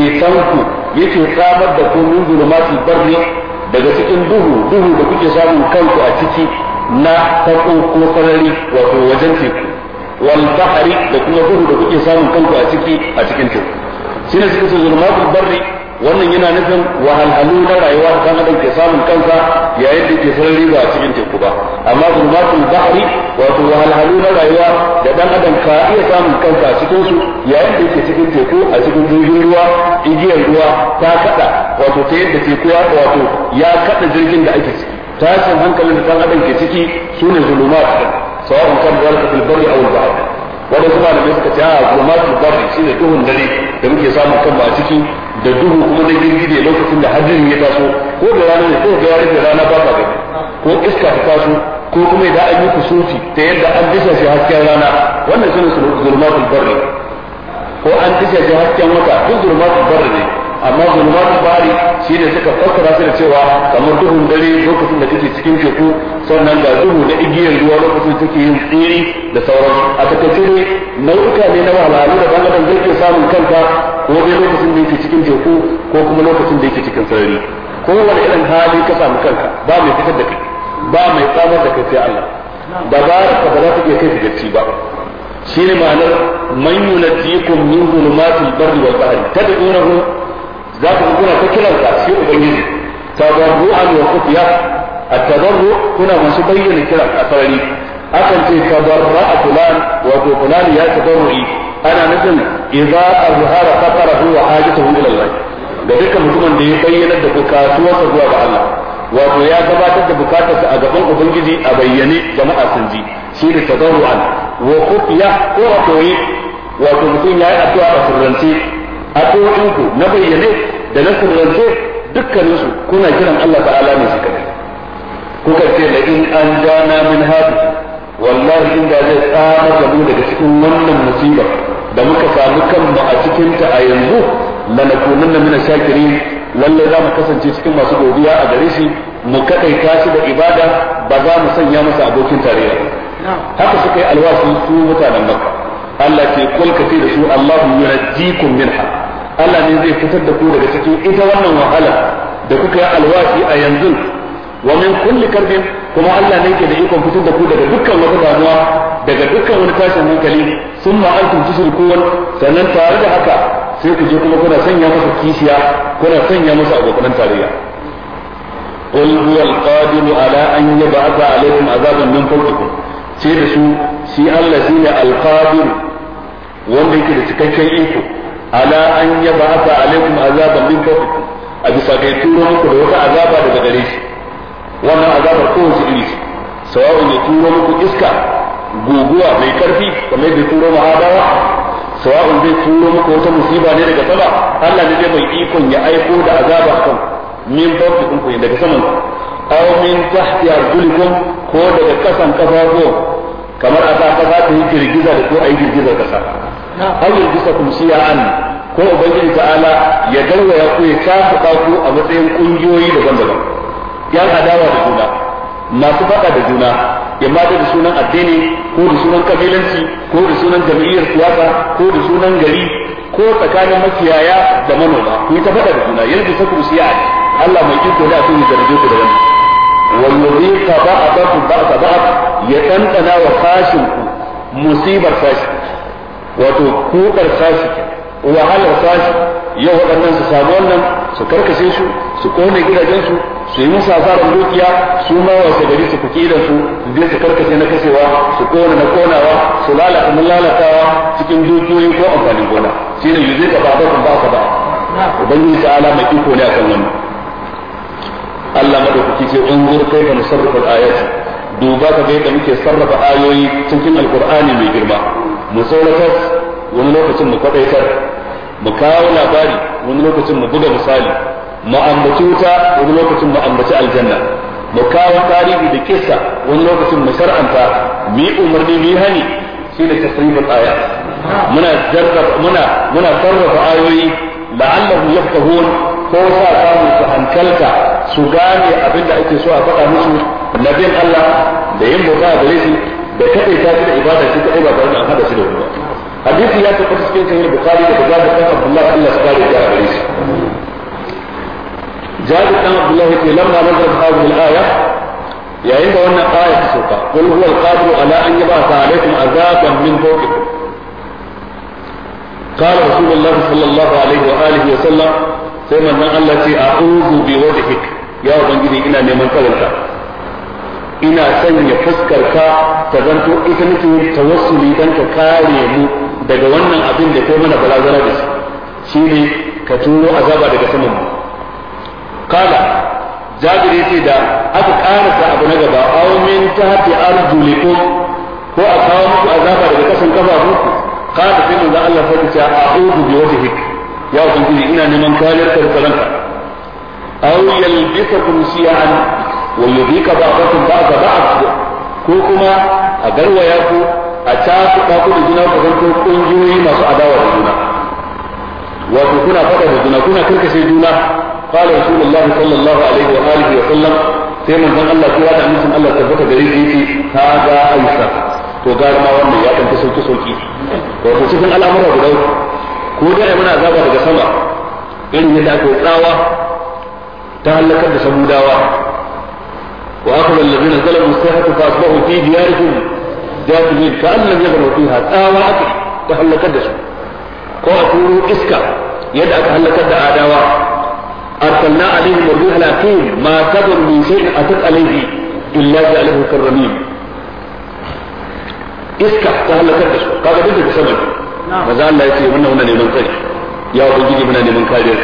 cetonku yake samar da ku min zulumatul barri daga cikin duhu duhu da kuke samu kanku a ciki na tako ko sarari wato wajen teku wal bahri da kuma duhu da kuke samu kanku a ciki a cikin teku shine suka ce zulumatul barri wannan yana nufin wahalhalu na rayuwa da kan adam ke samun kansa yayin da ke sarari ba a cikin teku ba amma zulumatul bahri wato wahalhalu na rayuwa da dan adam ka iya samun kanka a cikin su yayin da yake cikin teku a cikin jirgin ruwa igiyar ruwa ta kada wato ta yadda teku ya wato ya kada jirgin da ake ciki tashin hankalin da dan adam ke ciki sune zulumat sawa'un kan zalika fil bari aw al ba'd wanda kuma da suka ce a zulumat al shi shine duhun dare da muke samun kanmu a ciki da duhu kuma na da lokacin da hajjin ya taso ko da rana ne ko da rana ba ta ko iska ta taso ko kuma idan an yi kusufi ta yadda an dishe shi hasken rana wannan ne zulmatul barri ko an dishe shi hasken wata duk zulmatul barri ne amma zulmatul bari ne suka fassara su da cewa kamar duhun dare lokacin da kake cikin teku sannan ga duhu na igiyar ruwa lokacin take yin tsiri da sauran a takaice ne nau'uka ne na wahalhalu da dan adam zai samun kanka ko bai lokacin da yake cikin teku ko kuma lokacin da yake cikin sarari kowane irin hali ka samu kanka ba mai fitar da kai ba mai tsamar da kai sai Allah dabararka ba za ta iya kai ga ci ba shine ma'anar man yunadikum min zulumatil barri wal bahri tad'unahu za ku kuna ta kiransa shi ubangiji tabarru'an wa khufiya at-tabarru kuna masu bayyana kiran a sarari akan ce tabarra'a fulan wa fulan ya tabarru'i ana nufin idza azhara fatarahu wa hajatahu ila Allah da dukkan mutumin da ya bayyana da bukatuwarsa zuwa ga Allah wato ya gabatar da bukatarsa a gaban ubangiji a bayyane jama'a sun ji shi ne tadarru'an wa khufiya ko a koyi wato mutum ya yi addu'a a sirrance addu'o'in ku na bayyane da na sirrance dukkanin su kuna kiran Allah ta'ala ne shi kuka ce da in an jana min hadu wallahi da zai tsama da mu daga cikin wannan musibar da muka samu kanmu a cikinta a yanzu lanakunanna min shakirin lallai za mu kasance cikin masu godiya a gare shi mu kadaita shi da ibada ba za mu sanya masa abokin tarayya haka suka yi alwasu su mutanen makka Allah ke kulka da su Allahu yunajjikum minha Allah ne zai fitar da ku daga cikin ita wannan wahala da kuka yi alwasi a yanzu wa min kulli karbin kuma Allah ne ke da ikon fitar da ku daga dukkan wata damuwa daga dukkan wani tashin hankali sun ma'antum tushrikun sannan tare da haka sai ku je kuma kuna sanya masa kishiya kuna sanya masa abokan tarayya qul huwa al ala an yab'atha alaykum azaban min fawqikum ce da su shi Allah shine ne qadir wanda yake da cikakken iko ala an yab'atha alaykum azaban min fawqikum a bisa kai turo muku da wata azaba daga gare shi wannan azabar shi iri shi sawa'u ne turo muku iska guguwa mai karfi kamar da turo mahadawa sawa'un zai turo muku wata musiba ne daga sama Allah ne zai mai ikon ya aiko da azaba kan min fawqikum ku daga saman aw min tahti arjulikum ko daga kasan kafafu kamar a kasa ta yi girgiza da ko ayi girgizar kasa aw yurjisakum shi'an ko ubangiji ta'ala ya garwaya ku ya tafuka ku a matsayin kungiyoyi daban-daban yan adawa da juna masu faɗa da juna imma da sunan addini ko da sunan kabilanci ko da sunan jam'iyyar siyasa ko da sunan gari ko tsakanin makiyaya da manoma ku ta faɗa da juna yanzu sa ku siya Allah mai iko da su zarge ku da wannan wallazi tabaqatu ba'da ba'd ya tantana wa kashin ku musibar sashi wato kukar sashi wahalar sashi yau waɗannan su samu wannan su karkashe su su kone gidajen gidajensu su yi musu asarar dukiya su ma wasu gari su kuke da su su je su karkace na kashewa su kona na konawa su lalata na lalatawa cikin dukiyoyi ko amfanin gona shi ne yuzai ka ba ka ba ba ubangiji ta ala mai iko ne akan wannan Allah madaukaki ce in zur kai ka musarrafa ayati duba ka ga yadda muke sarrafa ayoyi cikin alqur'ani mai girma mu saurakas wani lokacin mu kwadaitar mu kawo labari wani lokacin mu buga misali mu ambaci wuta wani lokacin mu aljanna mu kawo tarihi da kisa wani lokacin mu shar'anta mi umarni mi hani ne tasrifin aya muna jarraba muna muna sarrafa ayoyi la'allahu yafqahun ko sa samu su hankalta su gane abin da ake so a faɗa musu na bin Allah da yin bauta a gare shi da ta shi da ibada shi ɗaya ba tare da an shi da wani ba hadisi ya tabbata cikin yin bukari da bukhari da abdullahi Allah subhanahu wa ta'ala gare shi jabir dan abdullahi ce lamma nazar hadhihi al-aya yayin da wannan aya ta sauka qul huwa al-qadir ala an yab'atha alaykum azaban min fawqikum قال رسول الله صلى الله عليه وآله وسلم ثم أن الله أعوذ بوجهك يا ubangiji ina neman tsawarka ina sanya fuskar ka ta zanto ita ta tawassuli dan ka kare mu daga wannan abin da kai mana barazana da shi shine ka turo azaba daga saman kala jabir yace da aka karasa abu na gaba aw min tahti arjulikum ko a kawo muku azaba daga kasan kafafunku kada sai manzo Allah sai ce a'udhu bi wajhik ya ubangiji ina neman kariyar karkaranka aw yalbisakum shi'an wa yudhika ba'dakum ba'da ba'd ko kuma a garwaya ku a tafuka ku da juna ku zanto kungiyoyi masu adawa da juna kuna faɗa juna kuna juna قال رسول الله صلى الله عليه وآله وسلم sai manzon Allah sai ya da mutum Allah tabbata gare shi yace ka ga aisha to ga ma wannan ya kanta sauki sauki wato cikin al'amura guda ko da ai muna azaba daga sama irin yadda aka tsawa ta halakar da samudawa wa akhadha alladhina zalamu sahatu fa asbahu fi diyarihim jathimin ka annam yabru fiha tsawa aka ta halakar da su ko a turo iska yadda aka halakar da adawa أرسلنا عليهم الروح لكن ما قدر من شيء أتت عليه إلا جعله كالرميم إسكا تهلا تردش قال بنت بسمك نعم. زال لا يصير منا هنا لمن تجي يا أبجي منا لمن كاير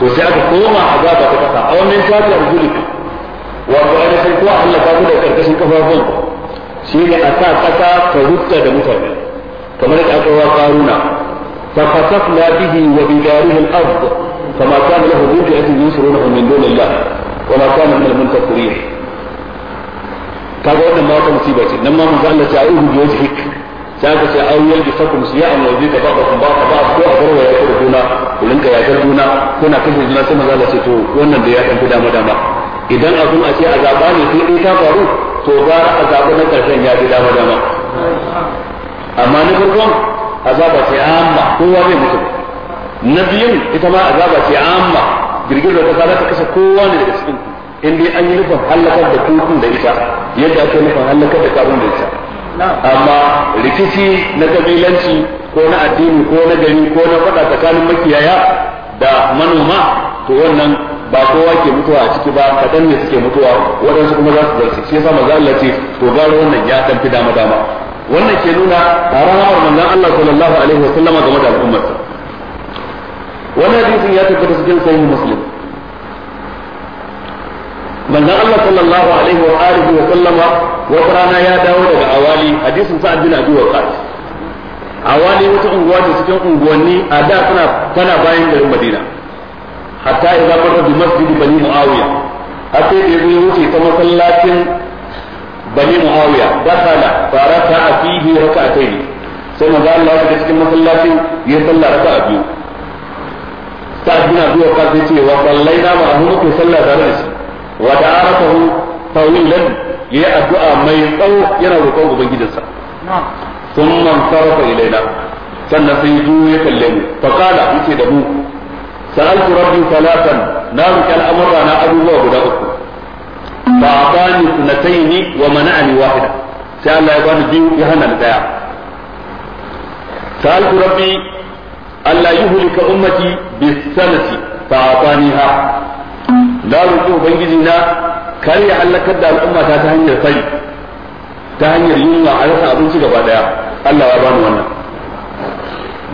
توسعة قوما عذابة تكتا أو من شاك أرجولك وقال سيكوا أهلا تابل تردش كفاهم سيدي أتا تكا تردت دمتك كما لك أتوا قارونا فخسفنا به وبداره الأرض فما كان له بوجهة ينصرونه من دون الله وما كان من المنتصرين kaga wannan ma wata musiba ce nan ma manzo Allah ta ayyuhu bi wajhik sai ka ce ayyuhu bi fakum siyam wa zika ba ba ba ba ko a garwa ya kira juna ku rinka ya kira juna kuna kashe juna sai manzo Allah ce to wannan da ya dama idan abun a ce a zaba ne sai dai ta faru to ba a zaba na karshen ya fi dama dama amma na farkon azaba sai amma kowa bai mutu na biyun ita ma azaba ce amma girgizar kasa za ta kashe kowa ne daga cikin in dai an yi nufin halakar da tutun da ita yadda ake nufin halakar da karun da ita amma rikici na kabilanci ko na addini ko na gari ko na faɗa tsakanin makiyaya da manoma to wannan ba kowa ke mutuwa a ciki ba kadan ne suke mutuwa waɗansu kuma za su zarce shi yasa maza Allah ce to gara wannan ya dan fi dama dama wannan ke nuna a ranar manzon Allah sallallahu alaihi wa sallama game da al'ummar wani hadisin ya tafi tabbata cikin sayi muslim manzon Allah sallallahu alaihi wa alihi wa sallama wata rana ya dawo daga awali hadisin sa'ad bin abi waqas awali wata unguwa ce cikin unguwanni a da tana tana bayan garin Madina hatta idza marra bi masjid bani muawiya hatta da ya wuce ta masallacin bani muawiya dakala faraka kai raka'atayn sai manzo Allah ya cikin masallacin ya sallah a biyu sa'ad bin Abi Waqqas yace wa sallaina ma hu muke sallah tare da shi wa da'arahu tawilan yayi addu'a mai tsawo yana roƙon ubangijinsa thumma sarafa ilaina sannan sai yi ya kalle mu fa qala yace da mu sa'altu rabbi salatan na roƙi al'amura na abubuwa guda uku fa atani ni wa mana'ani wahida sai Allah ya bani biyu ya hana ni daya sa'altu rabbi Allah yuhlika ummati bisanati fa ataniha na roki ubangiji na kar ya halakar da al'umma ta ta hanyar fari ta hanyar yunwa a rasa abinci gaba daya Allah ya bani wannan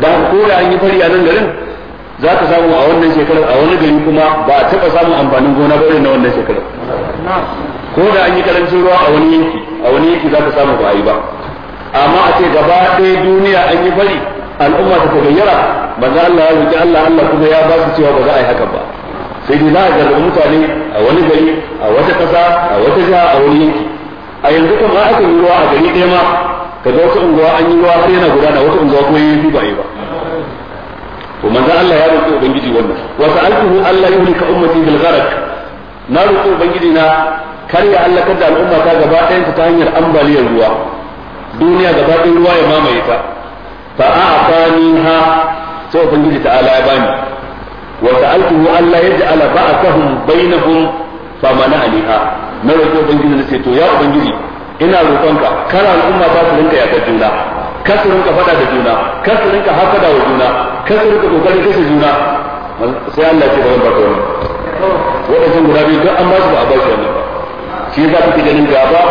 da ko da an yi fari a nan garin za ka samu a wannan shekarar a wani gari kuma ba a taɓa samun amfanin gona ba irin na wannan shekarar ko da an yi karancin ruwa a wani yanki a wani yanki za ka samu ba a yi ba amma a ce gaba ɗaya duniya an yi fari al'umma ta gayyara manzo Allah ya roki Allah Allah kuma ya ba su cewa ba za a yi haka ba sai dai za a garba mutane a wani gari a wata ƙasa a wata jiha a wani yanki a yanzu kuma aka yi ruwa a gari ɗaya ma ka ga wata unguwa an yi ruwa har yana gudana wata unguwa kuma yi ba yi ba to manzo Allah ya roki ubangiji wannan wa sa'altuhu Allah yuhlika ummati bil gharq na roki ubangiji na kar ya allakar da al'umma ta gaba ɗayan ta hanyar ambaliyar ruwa duniya gaba ɗayan ruwa ya mamaye ta fa a'taniha sai ubangiji ta'ala ya bani wa sa'altuhu Allah yaj'ala ba'athahum bainahum fa mana'aniha na roƙi ubangiji na ce to ya ubangiji ina roƙonka kana al'umma ba su rinka yakar juna kar su rinka faɗa da juna kar su rinka hasada wa juna kar su rinka juna sai Allah ce ba zan guda biyu an ba a ba su ba shi ganin gaba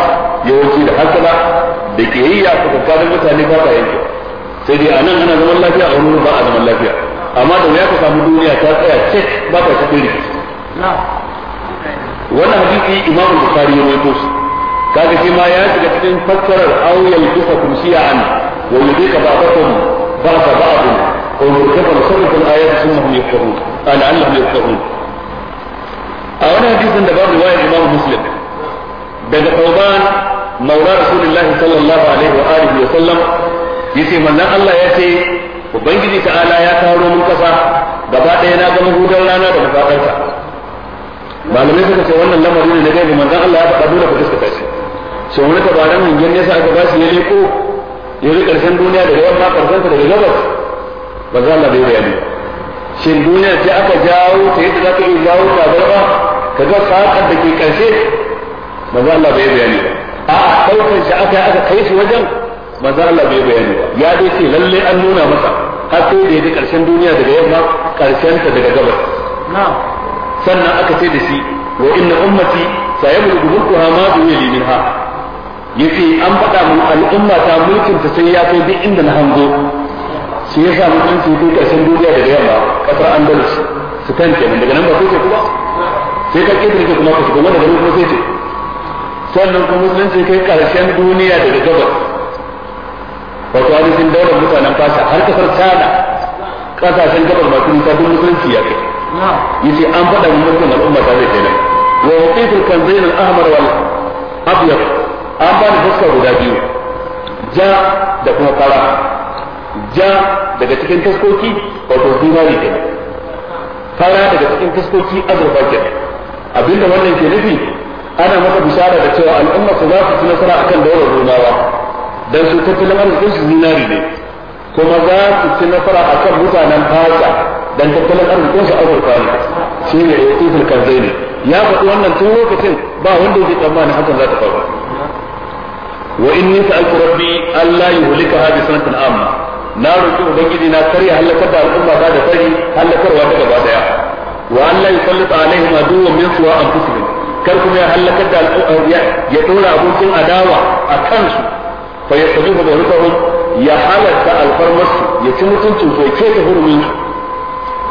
yawanci da hankala da kiyayya tsakanin mutane ba ta yanke sai dai anan ana zaman lafiya a wurin ba a zaman lafiya amma da ya ka samu duniya ta tsaya cek ba ta cikin rikici wannan hadisi imam bukhari ya rawaito shi kaga shi ma ya shiga cikin fassarar auyal duka kum an wa yudika ba'dakum ba'da ba'd wa yurkabu sarfu al-ayat thumma hum Allah la'allahum yafqahun a wannan hadisin da babu riwayar imam muslim daga tauban maula rasulullahi sallallahu alaihi wa alihi wa sallam yace manzon Allah ya ce ubangiji ta'ala ya taro mun kasa gaba ɗaya na ga mahudan rana da bukatarsa malamai suka ce wannan lamari ne na ga manzon Allah ya faɗa dole ku fuskata shi so wani tabaran hangen sa aka bashi ya leko ya ri karshen duniya daga yawan karshen ta daga gabas manzon Allah bai bayani shin duniya ce aka jawo ta yadda za ka yi jawo ta barba ka ga sakar da ke karshe manzon Allah bai bayani ba a'a ɗaukar shi aka yi aka kai shi wajen manzo Allah bai bayani ba ya dai ce lalle an nuna masa har sai da yaji karshen duniya daga yamma karshen ta daga gabas na'am sannan aka ce da shi wa inna ummati sayablugu mulkuha ma duwili minha yace an faɗa mun al'umma ta mulkin ta sai ya kai duk inda na hango shi yasa mutum su kai karshen duniya daga yamma kasar Andalus su kan kenan daga nan ba sai kuma sai ka kidrike kuma ka shiga wannan garin ba sai ce sannan kuma musulunci kai karshen duniya daga gabas wato ainihin daular mutanen fasa har kasar tana kasashen gabar masu nisa duk musulunci ya kai yace an faɗa mu mutum al'umma ta zai kenan wa waqitul kanzain al-ahmar wal abyad an ba ni fuska guda biyu ja da kuma fara ja daga cikin taskoki wato zinari kenan fara daga cikin taskoki azurfa kenan abinda wannan ke nufi ana maka bishara da cewa al'umma su za su ci nasara akan daular rumawa dan su tattalin arzikin su zinari ne kuma za su ci nasara kan mutanen fasa dan tattalin arzikin su azurfa ne shi ne ya tufil kanzai ne ya faɗi wannan tun lokacin ba wanda yake tsammanin hakan za ta faru wa inni sa'altu rabbi alla yuhlika hadhihi sanatan amma na roki ubangiji na karya ya da al'umma ba da fari halakarwa ta gaba daya wa alla yusallita alaihim aduwwan min suwa anfusihim kar kuma ya halakar da al'umma ya dora abokin adawa a kansu fa yastajibu hurukum ya halatta alfarmasu ya ci mutuncin su ya keta hurumin su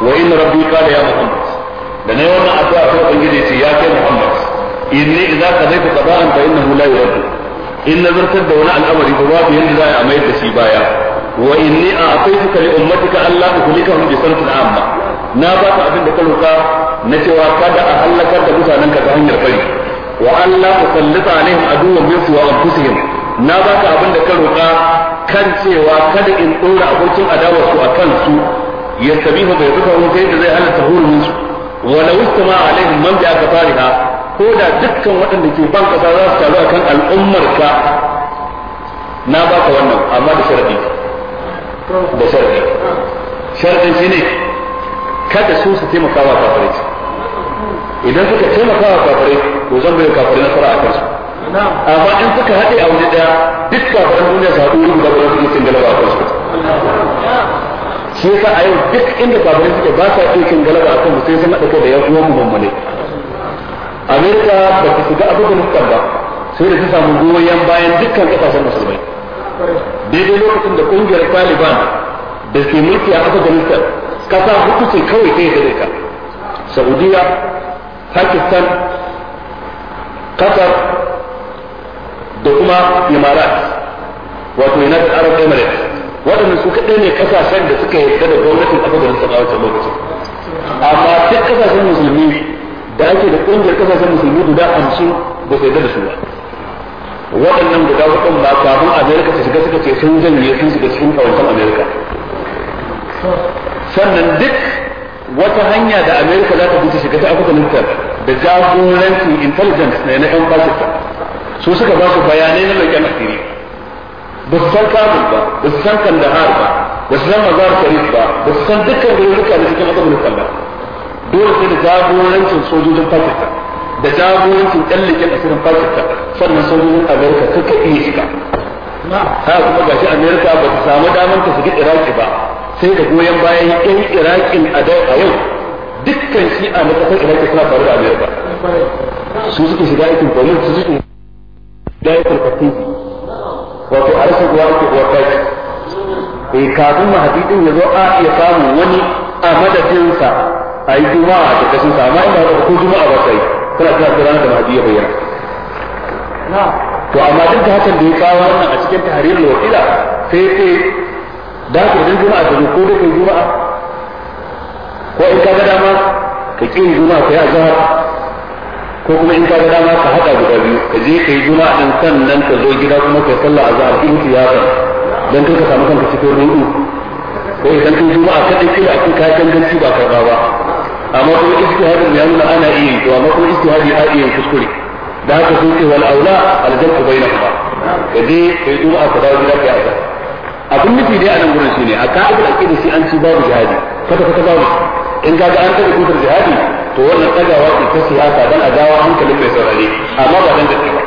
wa inna rabbi qala ya muhammad da ne wannan addu'a sai ubangiji ya ce ya kai muhammad inni idza qadaytu qada'an fa innahu la yuraddu in nazartar da wani al'amari ba babu yanda za a mai da shi baya wa inni a'taytuka li ummatika alla tuhlikahum bi sanatin amma na ba ka abin da ka roka na cewa kada a halakar da mutanen ka ta hanyar fari wa alla tusallita alaihim aduwwan min suwa anfusihim na baka abin da ka roƙa kan cewa kada in ɗora abokin adawar su a kansu ya sabihu bai zuka wani kai da zai halatta hurumin su wusta ma alaihim man bi aka fariha ko da dukkan waɗanda ke ban kasa za su taru akan al'ummar ka na baka wannan amma da sharadi da sharadi sharadin ne kada su su taimaka wa kafirai idan suka taimaka wa kafirai to zan bai kafirai nasara a kansu amma in suka haɗe a wani ɗaya duk kafin duniya su haɗu wurin gaba su sun galaba a kansu shi yasa a yau duk inda kafin suke ba sa iya cin galaba a kansu sai sun haɗa kai da ya uwan mu mummune amerika ba ta shiga afganistan ba sai da ta samu goyon bayan dukkan kasashen musulmai daidai lokacin da kungiyar taliban da ke mulki a afganistan kasa hudu ce kawai ta yi ka saudiya pakistan qatar da kuma imarat wato united arab emirates waɗannan su kaɗai ne kasashen da suka yarda da gwamnatin ƙasa da ta tsawata lokacin amma duk kasashen musulmi da ake da ƙungiyar kasashen musulmi guda hamsin ba su yarda da su ba waɗannan guda hudun ba kafin amerika ta shiga suka ce sun janye sun shiga cikin kawancan amerika sannan duk wata hanya da amerika za ta bi ta shiga ta afirka da jagorancin intelligence na yan fasita su suka ba su bayanai na leƙen asiri ba su san kabul ba ba su san kandahar ba ba su san mazar sharif ba ba su san dukkan garuruka da suke matsabar ba dole sai da jagorancin sojojin pakistan da jagorancin ɗan leƙen asirin pakistan sannan sojojin amerika suka iya shiga ha kuma gashi amerika ba su samu damar ta shiga iraki ba sai da goyon bayan yan irakin a yau dukkan shi a matsayin iraki suna faru da amerika su suke shiga aikin bayan su suke dayatul qutbi wato a rashin ruwa ke uwar kai eh kafin mahadidin ya zo a iya samun wani a madadinsa a yi juma'a a karkashin sa amma inda haka ko juma'a ba kai kana kana kiran da mahadi ya bayyana to amma duk da hakan da ya kawo wannan a cikin tahrir al-waqila sai sai da ka idan juma'a ta zo ko da juma'a ko in ka ga dama ka kin juma'a kai azhar ko kuma in ka ga dama ka haɗa guda biyu ka je ka yi ɗan din sannan ka zo gida kuma ka sallah a azhar ɗin tiyata Don kai ka samu kanka cikin ruɗu ko idan kai juma'a ka dai kira kan kayan ganci ba karba ba amma kuma ijtihadin ya nuna ana iya to amma kuma ijtihadi a iya kuskure da haka sun ce wal aula bai na bainahuma ka je ka yi juma'a ka dawo gida ka yi azhar abin nufi dai a nan gurin ne a ka'idar aqida shi an ci babu jihadi kada kada babu in ga an taɓa kutar jihadi to wannan tagawa ce ta siyasa dan a dawo hankalin mai saurare amma ba dan gaske ba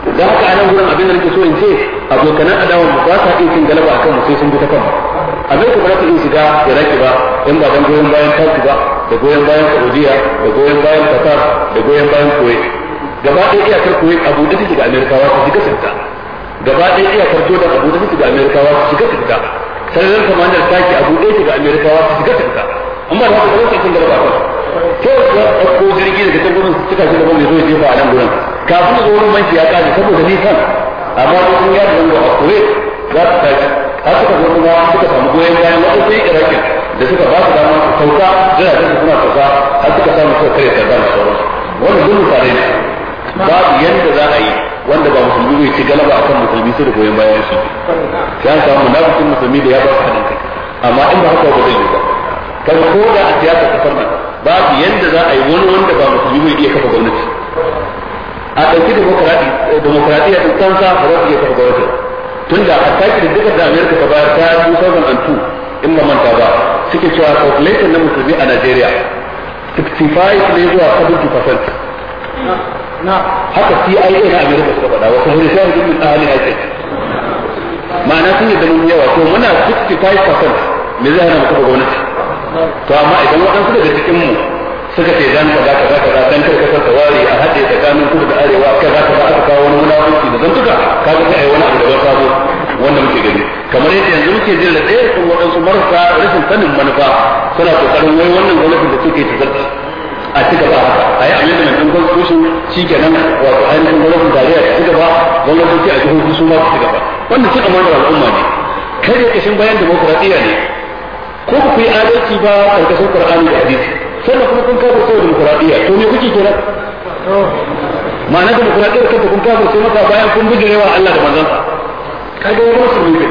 Dan haka anan gurin abin da nake so in ce abokanan adawa ba sa iya cin galaba akan mu sai sun bi ta kan a ba za ta iya shiga iraki ba in ba dan goyon bayan turki ba da goyon bayan saudiya da goyon bayan qatar da goyon bayan kuwait gaba ɗaya iyakar kuwait abu da take ga amerikawa su shiga sinta gaba ɗaya iyakar jordan abu da take ga amerikawa su shiga sirta sararin kamandar taki abu ɗaya take ga amerikawa su shiga sinta amma da haka garba ya jirgi daga can gurin suka shi gaban mai zo jefa a nan gurin kafin zo wurin ya saboda nisan amma da sun ga da a kure za tashi har suka zo kuma suka samu goyon bayan wasu sai da suka ba su dama su sauka jiragen su suna sauka har suka samu suka kare wannan ne babu yadda za a yi wanda ba musulmi bai ci galaba akan musulmi sai da goyon bayan ya samu munafikin musulmi da ya ba su kai amma in ba haka ba zai yi ba Kar ko da a siyasar kafar ba su yadda za a yi wani wanda ba musulmi bai iya kafa gwamnati a ɗauki demokaradiyya ɗin kansa ba za su iya kafa gwamnati Tun da a taki da duka da Amerika ta bayar ta yi 2002 in ba manta ba suke cewa population na musulmi a Najeriya 65 ne zuwa 70 haka CIA na Amerika suka faɗa wasu hudu sai hudu a halin ma'ana sun yi da mun yawa to muna 65 percent me zai hana mu kafa gwamnati to amma idan waɗansu daga cikin mu suka ce dan kar kasar a haɗe tsakanin kudu da arewa kaza kaza aka kawo wani munafiki da zantuka kaga sai ai wani abu da wanda muke gani kamar yadda yanzu muke jin da ɗaya sun waɗansu marasa rashin sanin manufa suna kokarin wai wannan gwamnatin da suke ta zarta a ci gaba a yi abin mai ɗan constitution shi kenan wato ainihin gwamnatin tarayya ta ci gaba gwamnatin a jihohi su ma su ci gaba wannan cin al'umma ne kai da bayan demokuraɗiyya ne ko ku yi adalci ba karkashin qur'ani da hadisi sannan kuma kun kafa sai demokradiya to me kuke kenan ma'ana demokradiyar kanta kun kafa sai maka bayan kun bijire wa Allah da manzon sa kaga wani musulmi ne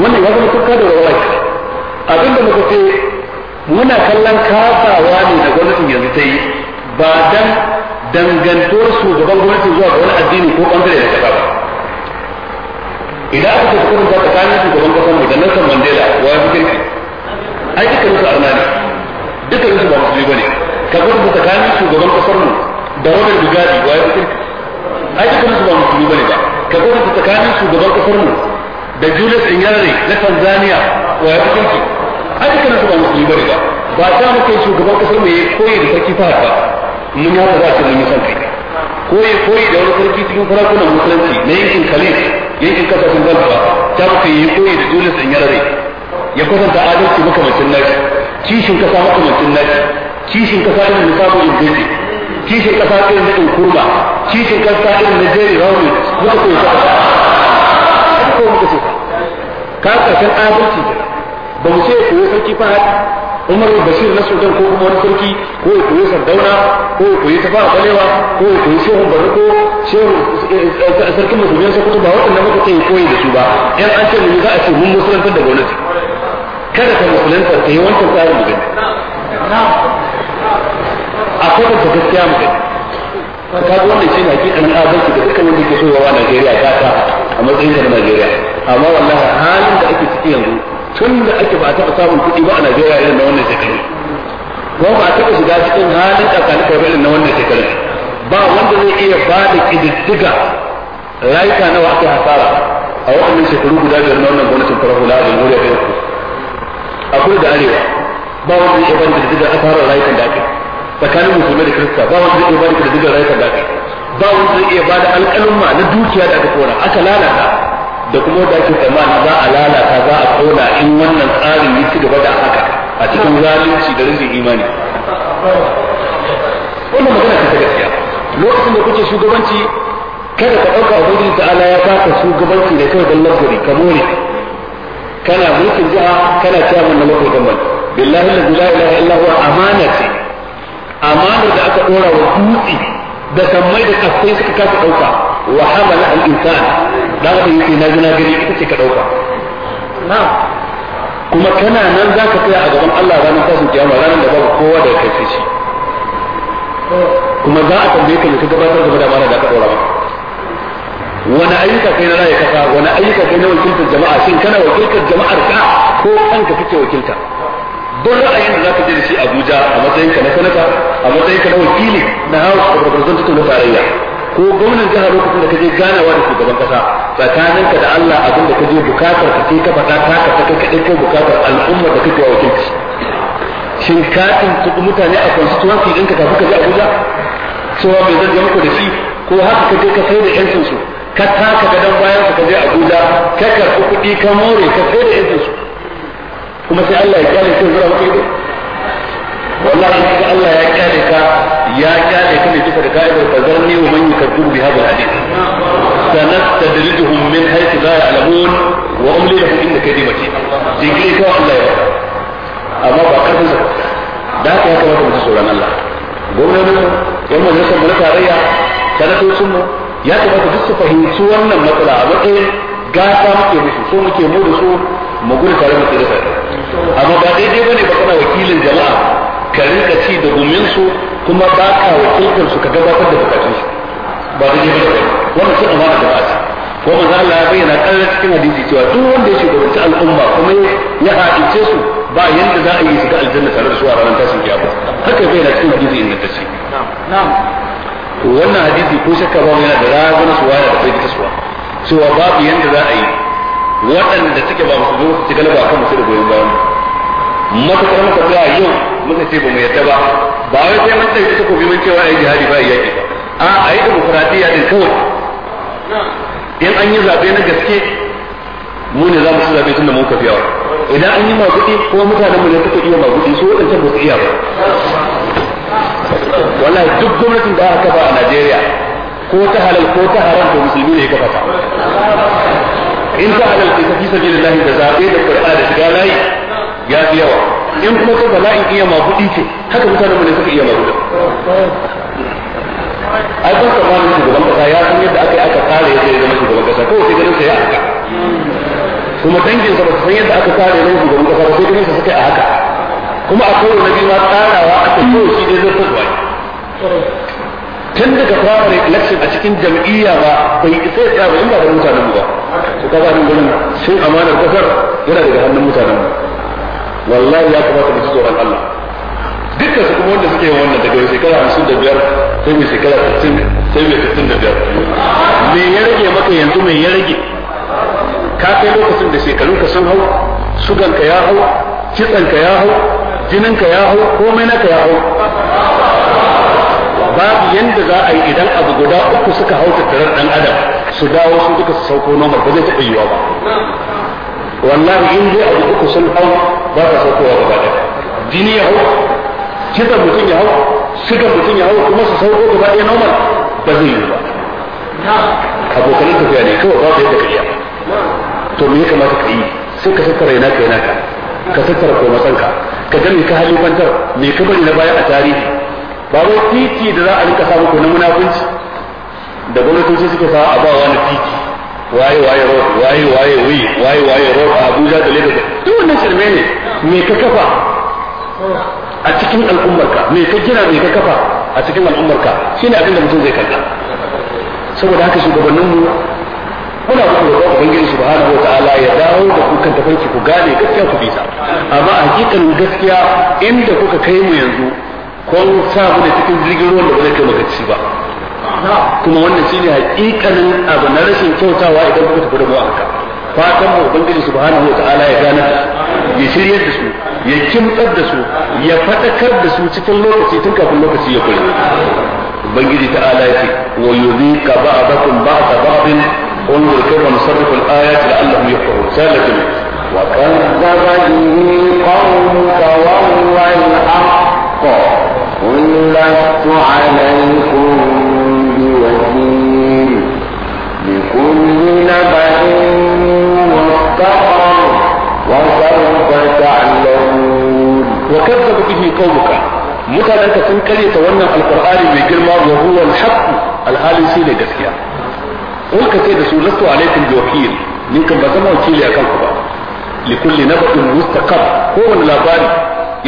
wannan ya zama kuka da rawai abinda muka ce muna kallon kafawa ne da gwamnatin yanzu ta yi ba dan dangantuwar shugaban gwamnati zuwa ga wani addini ko bangare da kasa ba idan aka ce kuma ta tsakanin shugaban kasar mu da Nelson Mandela wa ya fi kirki ai dukkan su arna ne dukkan su ba musulmi bane ka gudu tsakanin shugaban kasar mu da Robert Mugabe wa ya fi kirki ai dukkan su ba musulmi bane ba ka gudu tsakanin shugaban kasar mu da Julius Nyerere na Tanzania wa ya fi kirki ai dukkan su ba musulmi bane ba ba ta muke shugaban kasar mu ya koyi da sarki fahad ba mun ya ta za ta mun yi son kai koyi koyi da wani sarki cikin sarakunan musulunci na yankin kalif yankin kasashen galba ta muka yi koyi da julius in yarare ya kwatanta adalci makamancin nashi kishin kasa makamancin nashi kishin kasa irin na samun inganci kishin kasa irin na kurma kishin kasa irin na jeri rawlins muka koyi ta ko ka karshen adalci ba mu ce koyi sarki fahad Umar Bashir na Sultan ko kuma wani sarki ko ya koyi Sardauna ko ya koyi Tafa Balewa ko ya koyi Shehu Barko Shehu eh, eh, sarkin musulmin Sokoto ba waɗannan muka ce koyi da su ba yan an ce mun za a ce mun musulantar da gwamnati kada ka musulunta ta yi wancan tsarin da gani a ta gaskiya mu gani ka ga wannan shi ne hakikanin adalci da dukkan wanda ke so wa Najeriya ta ta a matsayin da Najeriya amma wallahi halin da ake ciki yanzu tun da ake ba a taɓa samun kuɗi ba a Najeriya irin na wannan shekaru ko ba a taɓa shiga cikin halin tsakanin ba irin na wannan shekaru ba wanda zai iya ba da ƙididdiga rayuka nawa aka hasara a waɗannan shekaru guda biyar na wannan gwamnatin farar hula a jamhuriyar a akwai da arewa ba wanda zai iya ba da ƙididdiga asarar rayukan da aka tsakanin musulmai da kirista ba wanda zai iya ba da ƙididdiga rayukan da aka ba wanda zai iya ba da alƙalumma na dukiya da aka kora aka lalata da kuma da ake tsammani za a lalata za a kona in wannan tsarin ya ci gaba da haka a cikin zalunci da rinjin imani wannan magana ce ta gaskiya lokacin da kuke shugabanci kada ka ɗauka da ta'ala ya baka shugabanci da kai don lafiyar ka more kana mulkin jiha kana chairman na local government billahi la ilaha illa huwa amana ce amana da aka dora wa dutse da sammai da kasai suka kasa ɗauka wa hamala al-insan da haka yake na ji na gari ita ce ka dauka na'am kuma kana nan za ka tsaya a gaban Allah ranar tasu kiyama ranar da babu kowa da kai shi kuma za a tambaye ka ne ka gabatar da madama da ka dora ba wani ayyuka kai na raya kasa wani ayyuka kai na wakiltar jama'a shin kana wakiltar jama'ar ka ko kanka kake wakilta don ra'ayin da zaka je da shi Abuja a matsayin ka na sanata a matsayin ka na wakili na House of Representatives na tarayya ko gwamnan jihar lokacin da ka je ganawa da shugaban kasa tsakaninka da Allah abin da ka je bukatar ka kai ka faɗa ta ka ta kai kai bukatar al'umma da kake wakilci shin ka tuntuɓi mutane a constituency ɗinka kafin ka je Abuja cewa mai zan muku da shi ko haka ka je ka sai da yancin su ka taka gadon bayan ka je Abuja ka karɓi kuɗi ka more ka sai da yancin su kuma sai Allah ya kyale ka zuwa maka ido wallahi sai Allah ya kyale ka ya فذرني ومن يكذب بهذا الحديث سنستدرجهم من حيث لا يعلمون واملي لهم ان كيدي متين جيجلي كوا الله يا amma ba karfin sa da haka ya kamata mu tsoron Allah yan majalisar mu na tarayya sanatocin mu ya kamata duk su fahimci wannan matsala a matsayin gasa muke musu so muke mu da su mu gudu tare mu tsira tare amma ba daidai bane ba kana wakilin jama'a ka rinka ci da gumin su kuma ba ka wakiltar su ka gabatar da bukatun su ba da jibi da wannan sun amana da ba'a ko manzo Allah ya bayyana ƙarar cikin hadisi cewa duk wanda ya shugabanci al'umma kuma ya haɗice su ba yanda za a yi shiga aljanna tare da su a ranar tashin kiyama haka bayyana cikin hadisi inda ta ce na'am to wannan hadisi ko shakka ba yana da su waya da bai ta suwa cewa babu yanda za a yi waɗanda suke ba musulmi su ci galaba kan musu da goyon bayan matakar muka a yau muka ce ba mu yadda ba ba wai sai mun ɗauki suka mun cewa ai jihadi ba yaki ba a a yi demokuraɗiyya din kawai in an yi zaɓe na gaske mu ne za mu ci zaɓe tunda mun ka fiyawa idan an yi maguɗi kuma mutanen mu ne suka iya maguɗi su waɗancan ba su iya ba wallahi duk gwamnatin da aka kafa a Najeriya ko ta halal ko ta haram to musulmi ne ya kafa ta in ta halal ta fi sabilillahi da zaɓe da Qur'ani da shiga layi ya fi yawa in kuma ka la'in iya mabuɗi ce haka mutane mu ne suka iya mabuɗi ai ban tsammanin shugaban kasa ya san yadda aka yi aka tsara yadda ya zama shugaban kasa kawai sai ganin sa ya aka kuma dangin sa ba su san yadda aka tsara yadda shugaban kasa ba sai ganin sa suka yi a haka kuma a karo na biyu ma tsarawa aka so shi dai zai fasuwa tun daga primary election a cikin jam'iyya ba bai isa ya tsaya ba in ba da mutanen mu ba su kaza nan gurin sun amanar kasar yana daga hannun mutanen mu wallahi ya kamata mu tsoron Allah dukkan su kuma wanda suke wannan daga shekara 55 da biyar sai mai shekara sittin sai mai sittin da biyar me ya rage maka yanzu me ya rage ka kai lokacin da shekarun ka sun hau sugan ka ya hau ka ya hau jininka ya hau komai naka ya hau babu yanda za a yi idan abu guda uku suka hau tattarar dan adam su dawo su duka su sauko nomar ba zai taɓa yiwa ba wallahi in dai abu uku sun hau ba ka saukowa gaba da jini ya hau kitan mutum ya hau sukan mutum ya hau kuma su sauko gaba ɗaya normal ba zai yi ba abokanin tafiya ne kawai ba ka yadda kariya to me ya kamata ka yi sai ka sattara yana ka yana ka ka sattara ko matsanka ka ga me ka kwantar me ka bari na baya a tarihi ba wai titi da za a rika samu ko na munafunci da gwamnatoci suke sa a ba wani titi waye waye road waye waye wi waye waye road a Abuja da Lagos duk wannan shirme ne me ka kafa a cikin al'ummarka me ka gina me ka kafa a cikin al'ummarka shine abin da mutum zai kalla saboda haka shugabanninmu muna muku roƙon ubangiji subhanahu wataala ya dawo da ku kan tafarki ku gane gaskiya ku bisa amma a hakikanin gaskiya inda kuka kai mu yanzu kun sa mu da cikin jirgin ruwan da ba zai kai mu ba kuma wannan shine hakikanin abu na rashin kyautawa idan kuka tafi da mu haka fatan mu ubangiji subhanahu wataala ya gane ya shiryar da su ya kimtsar da su ya fadakar da su cikin lokaci tun kafin lokaci ya kure ubangiji ta'ala ya ce wa yudhika ba'dakum ba'da ba'din انظر كيف نصرف الايات لعلهم يفقهون ثالثا وكذب به قومك وهو الحق قل لست عليكم رحيم da نبأ مستقر وسوف mutanenka sun karyata wannan alkur'ani mai girma wa huwa al alhali shi ne gaskiya kun ka ce da su lastu alaikum bi wakil ni kan ba zama wakili akan ku ba li kulli nabatin mustaqab kowane labari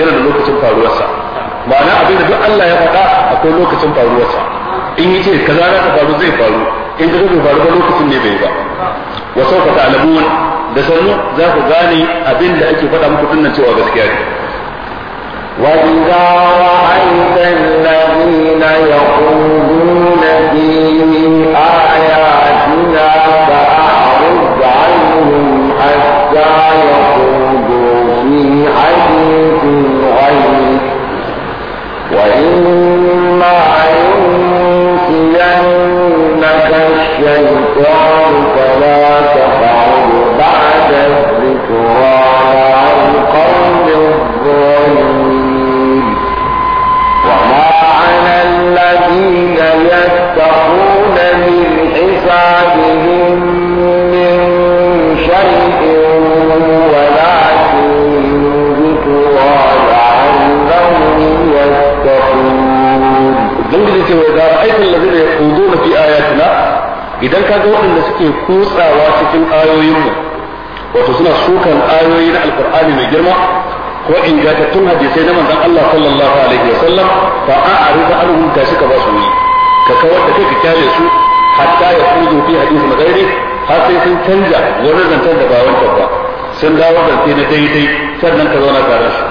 yana da lokacin faruwarsa ma'ana abin da duk Allah ya faɗa akwai lokacin faruwarsa in yace kaza za ta faru zai faru in ka bai faru ba lokacin ne bai ba wa ka ta'lamun da sannu za ku gane abin da ake faɗa muku dinnan cewa gaskiya ne وإذا رأيت الذين يقولون في آياتنا فأعرض عنهم حتى يقولوا في حديث غيره وإما الشيطان فلا تقعد بعد الذكرى عن قوم idan ka ga waɗanda suke kutsawa cikin ayoyinmu wato suna sukan ayoyi na alkur'ani mai girma ko ingantattun hadisai na manzon Allah sallallahu alaihi wa sallam fa a'rida anhum ka shi ka ba su ka kawar da kai ka kyale su hatta ya kudu fi hadisi magairi har sai sun canja wurin zantar da bawan ba sun dawo da na daidai sannan ka zauna tare su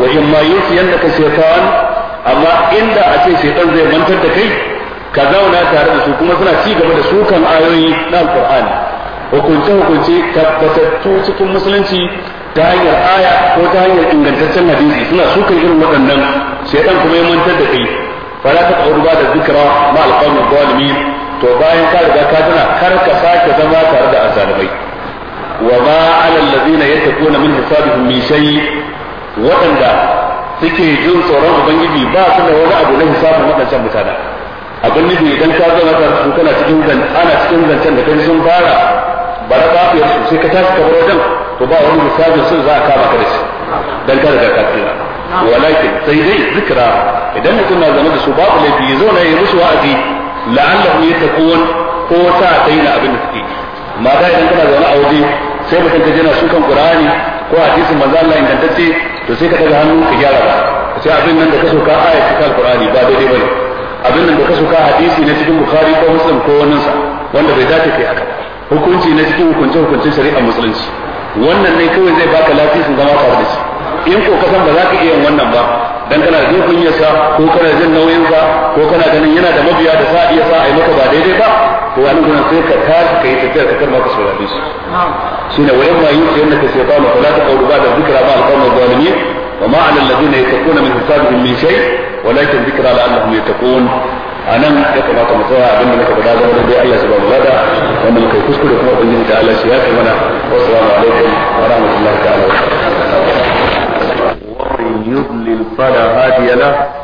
wa in ma yusi yannaka shaytan amma inda a ce shaytan zai mantar da kai ka zauna tare da su kuma suna ci gaba da sukan ayoyi na alkur'ani hukunce hukunce tabbatattu cikin musulunci ta hanyar aya ko ta hanyar ingantaccen hadisi suna sukan irin waɗannan shaidan kuma ya mantar da kai fara ta ba da zikra ma alqawmi zalimin to bayan ka riga ka tana kar ka sake zama tare da azalimai wa ma alal ladina min hisabihim min shay waɗanda suke jin tsoron ubangiji ba su da wani abu na hisabin waɗancan mutanen abin nufi idan ka zauna ka su kana cikin zan ana cikin zancen da kai sun fara ba da kafiyar su sai ka tashi ka wajen to ba wani misalin sun za a kama ka da shi dan ka daga ka tsira walakin sai dai zikira idan mutum na zama da su babu laifi ya zauna ya musu wa'azi la'allahu yattaqun ko ta daina abin da suke mata idan kana zaune a waje sai mutum ka jina kan qur'ani ko hadisin manzo Allah ingantacce to sai ka daga hannu ka gyara ba ka ce abin nan da ka so ka ayatu alqur'ani ba daidai bane abin nan da ka suka hadisi na cikin bukhari ko muslim ko wannan sa wanda bai dace kai haka hukunci na cikin hukunce hukuncin shari'a musulunci wannan ne kawai zai baka lafisin zama tare da in ko kasan ba za ka iya wannan ba dan kana jin sa ko kana jin nauyin sa ko kana ganin yana da mabiya da sa iya sa a yi maka ba daidai ba to wani gurin sai ka tashi ka yi tafiyar ka karma ka saurare shi shine wa yamma ka annaka shaytanu fala taqulu ba'da ba da al ba alƙawar zalimi وما على الذين يتقون من حسابهم من شيء ولكن ذكرى لعلهم يتقون anan ya kamata mu tsaya abinda muka faɗa zama da dai Allah su ba mu lada wanda muka yi kuskure kuma ubangiji ta Allah shi ya kai mana wassalamu alaikum wa rahmatullahi ta'ala wa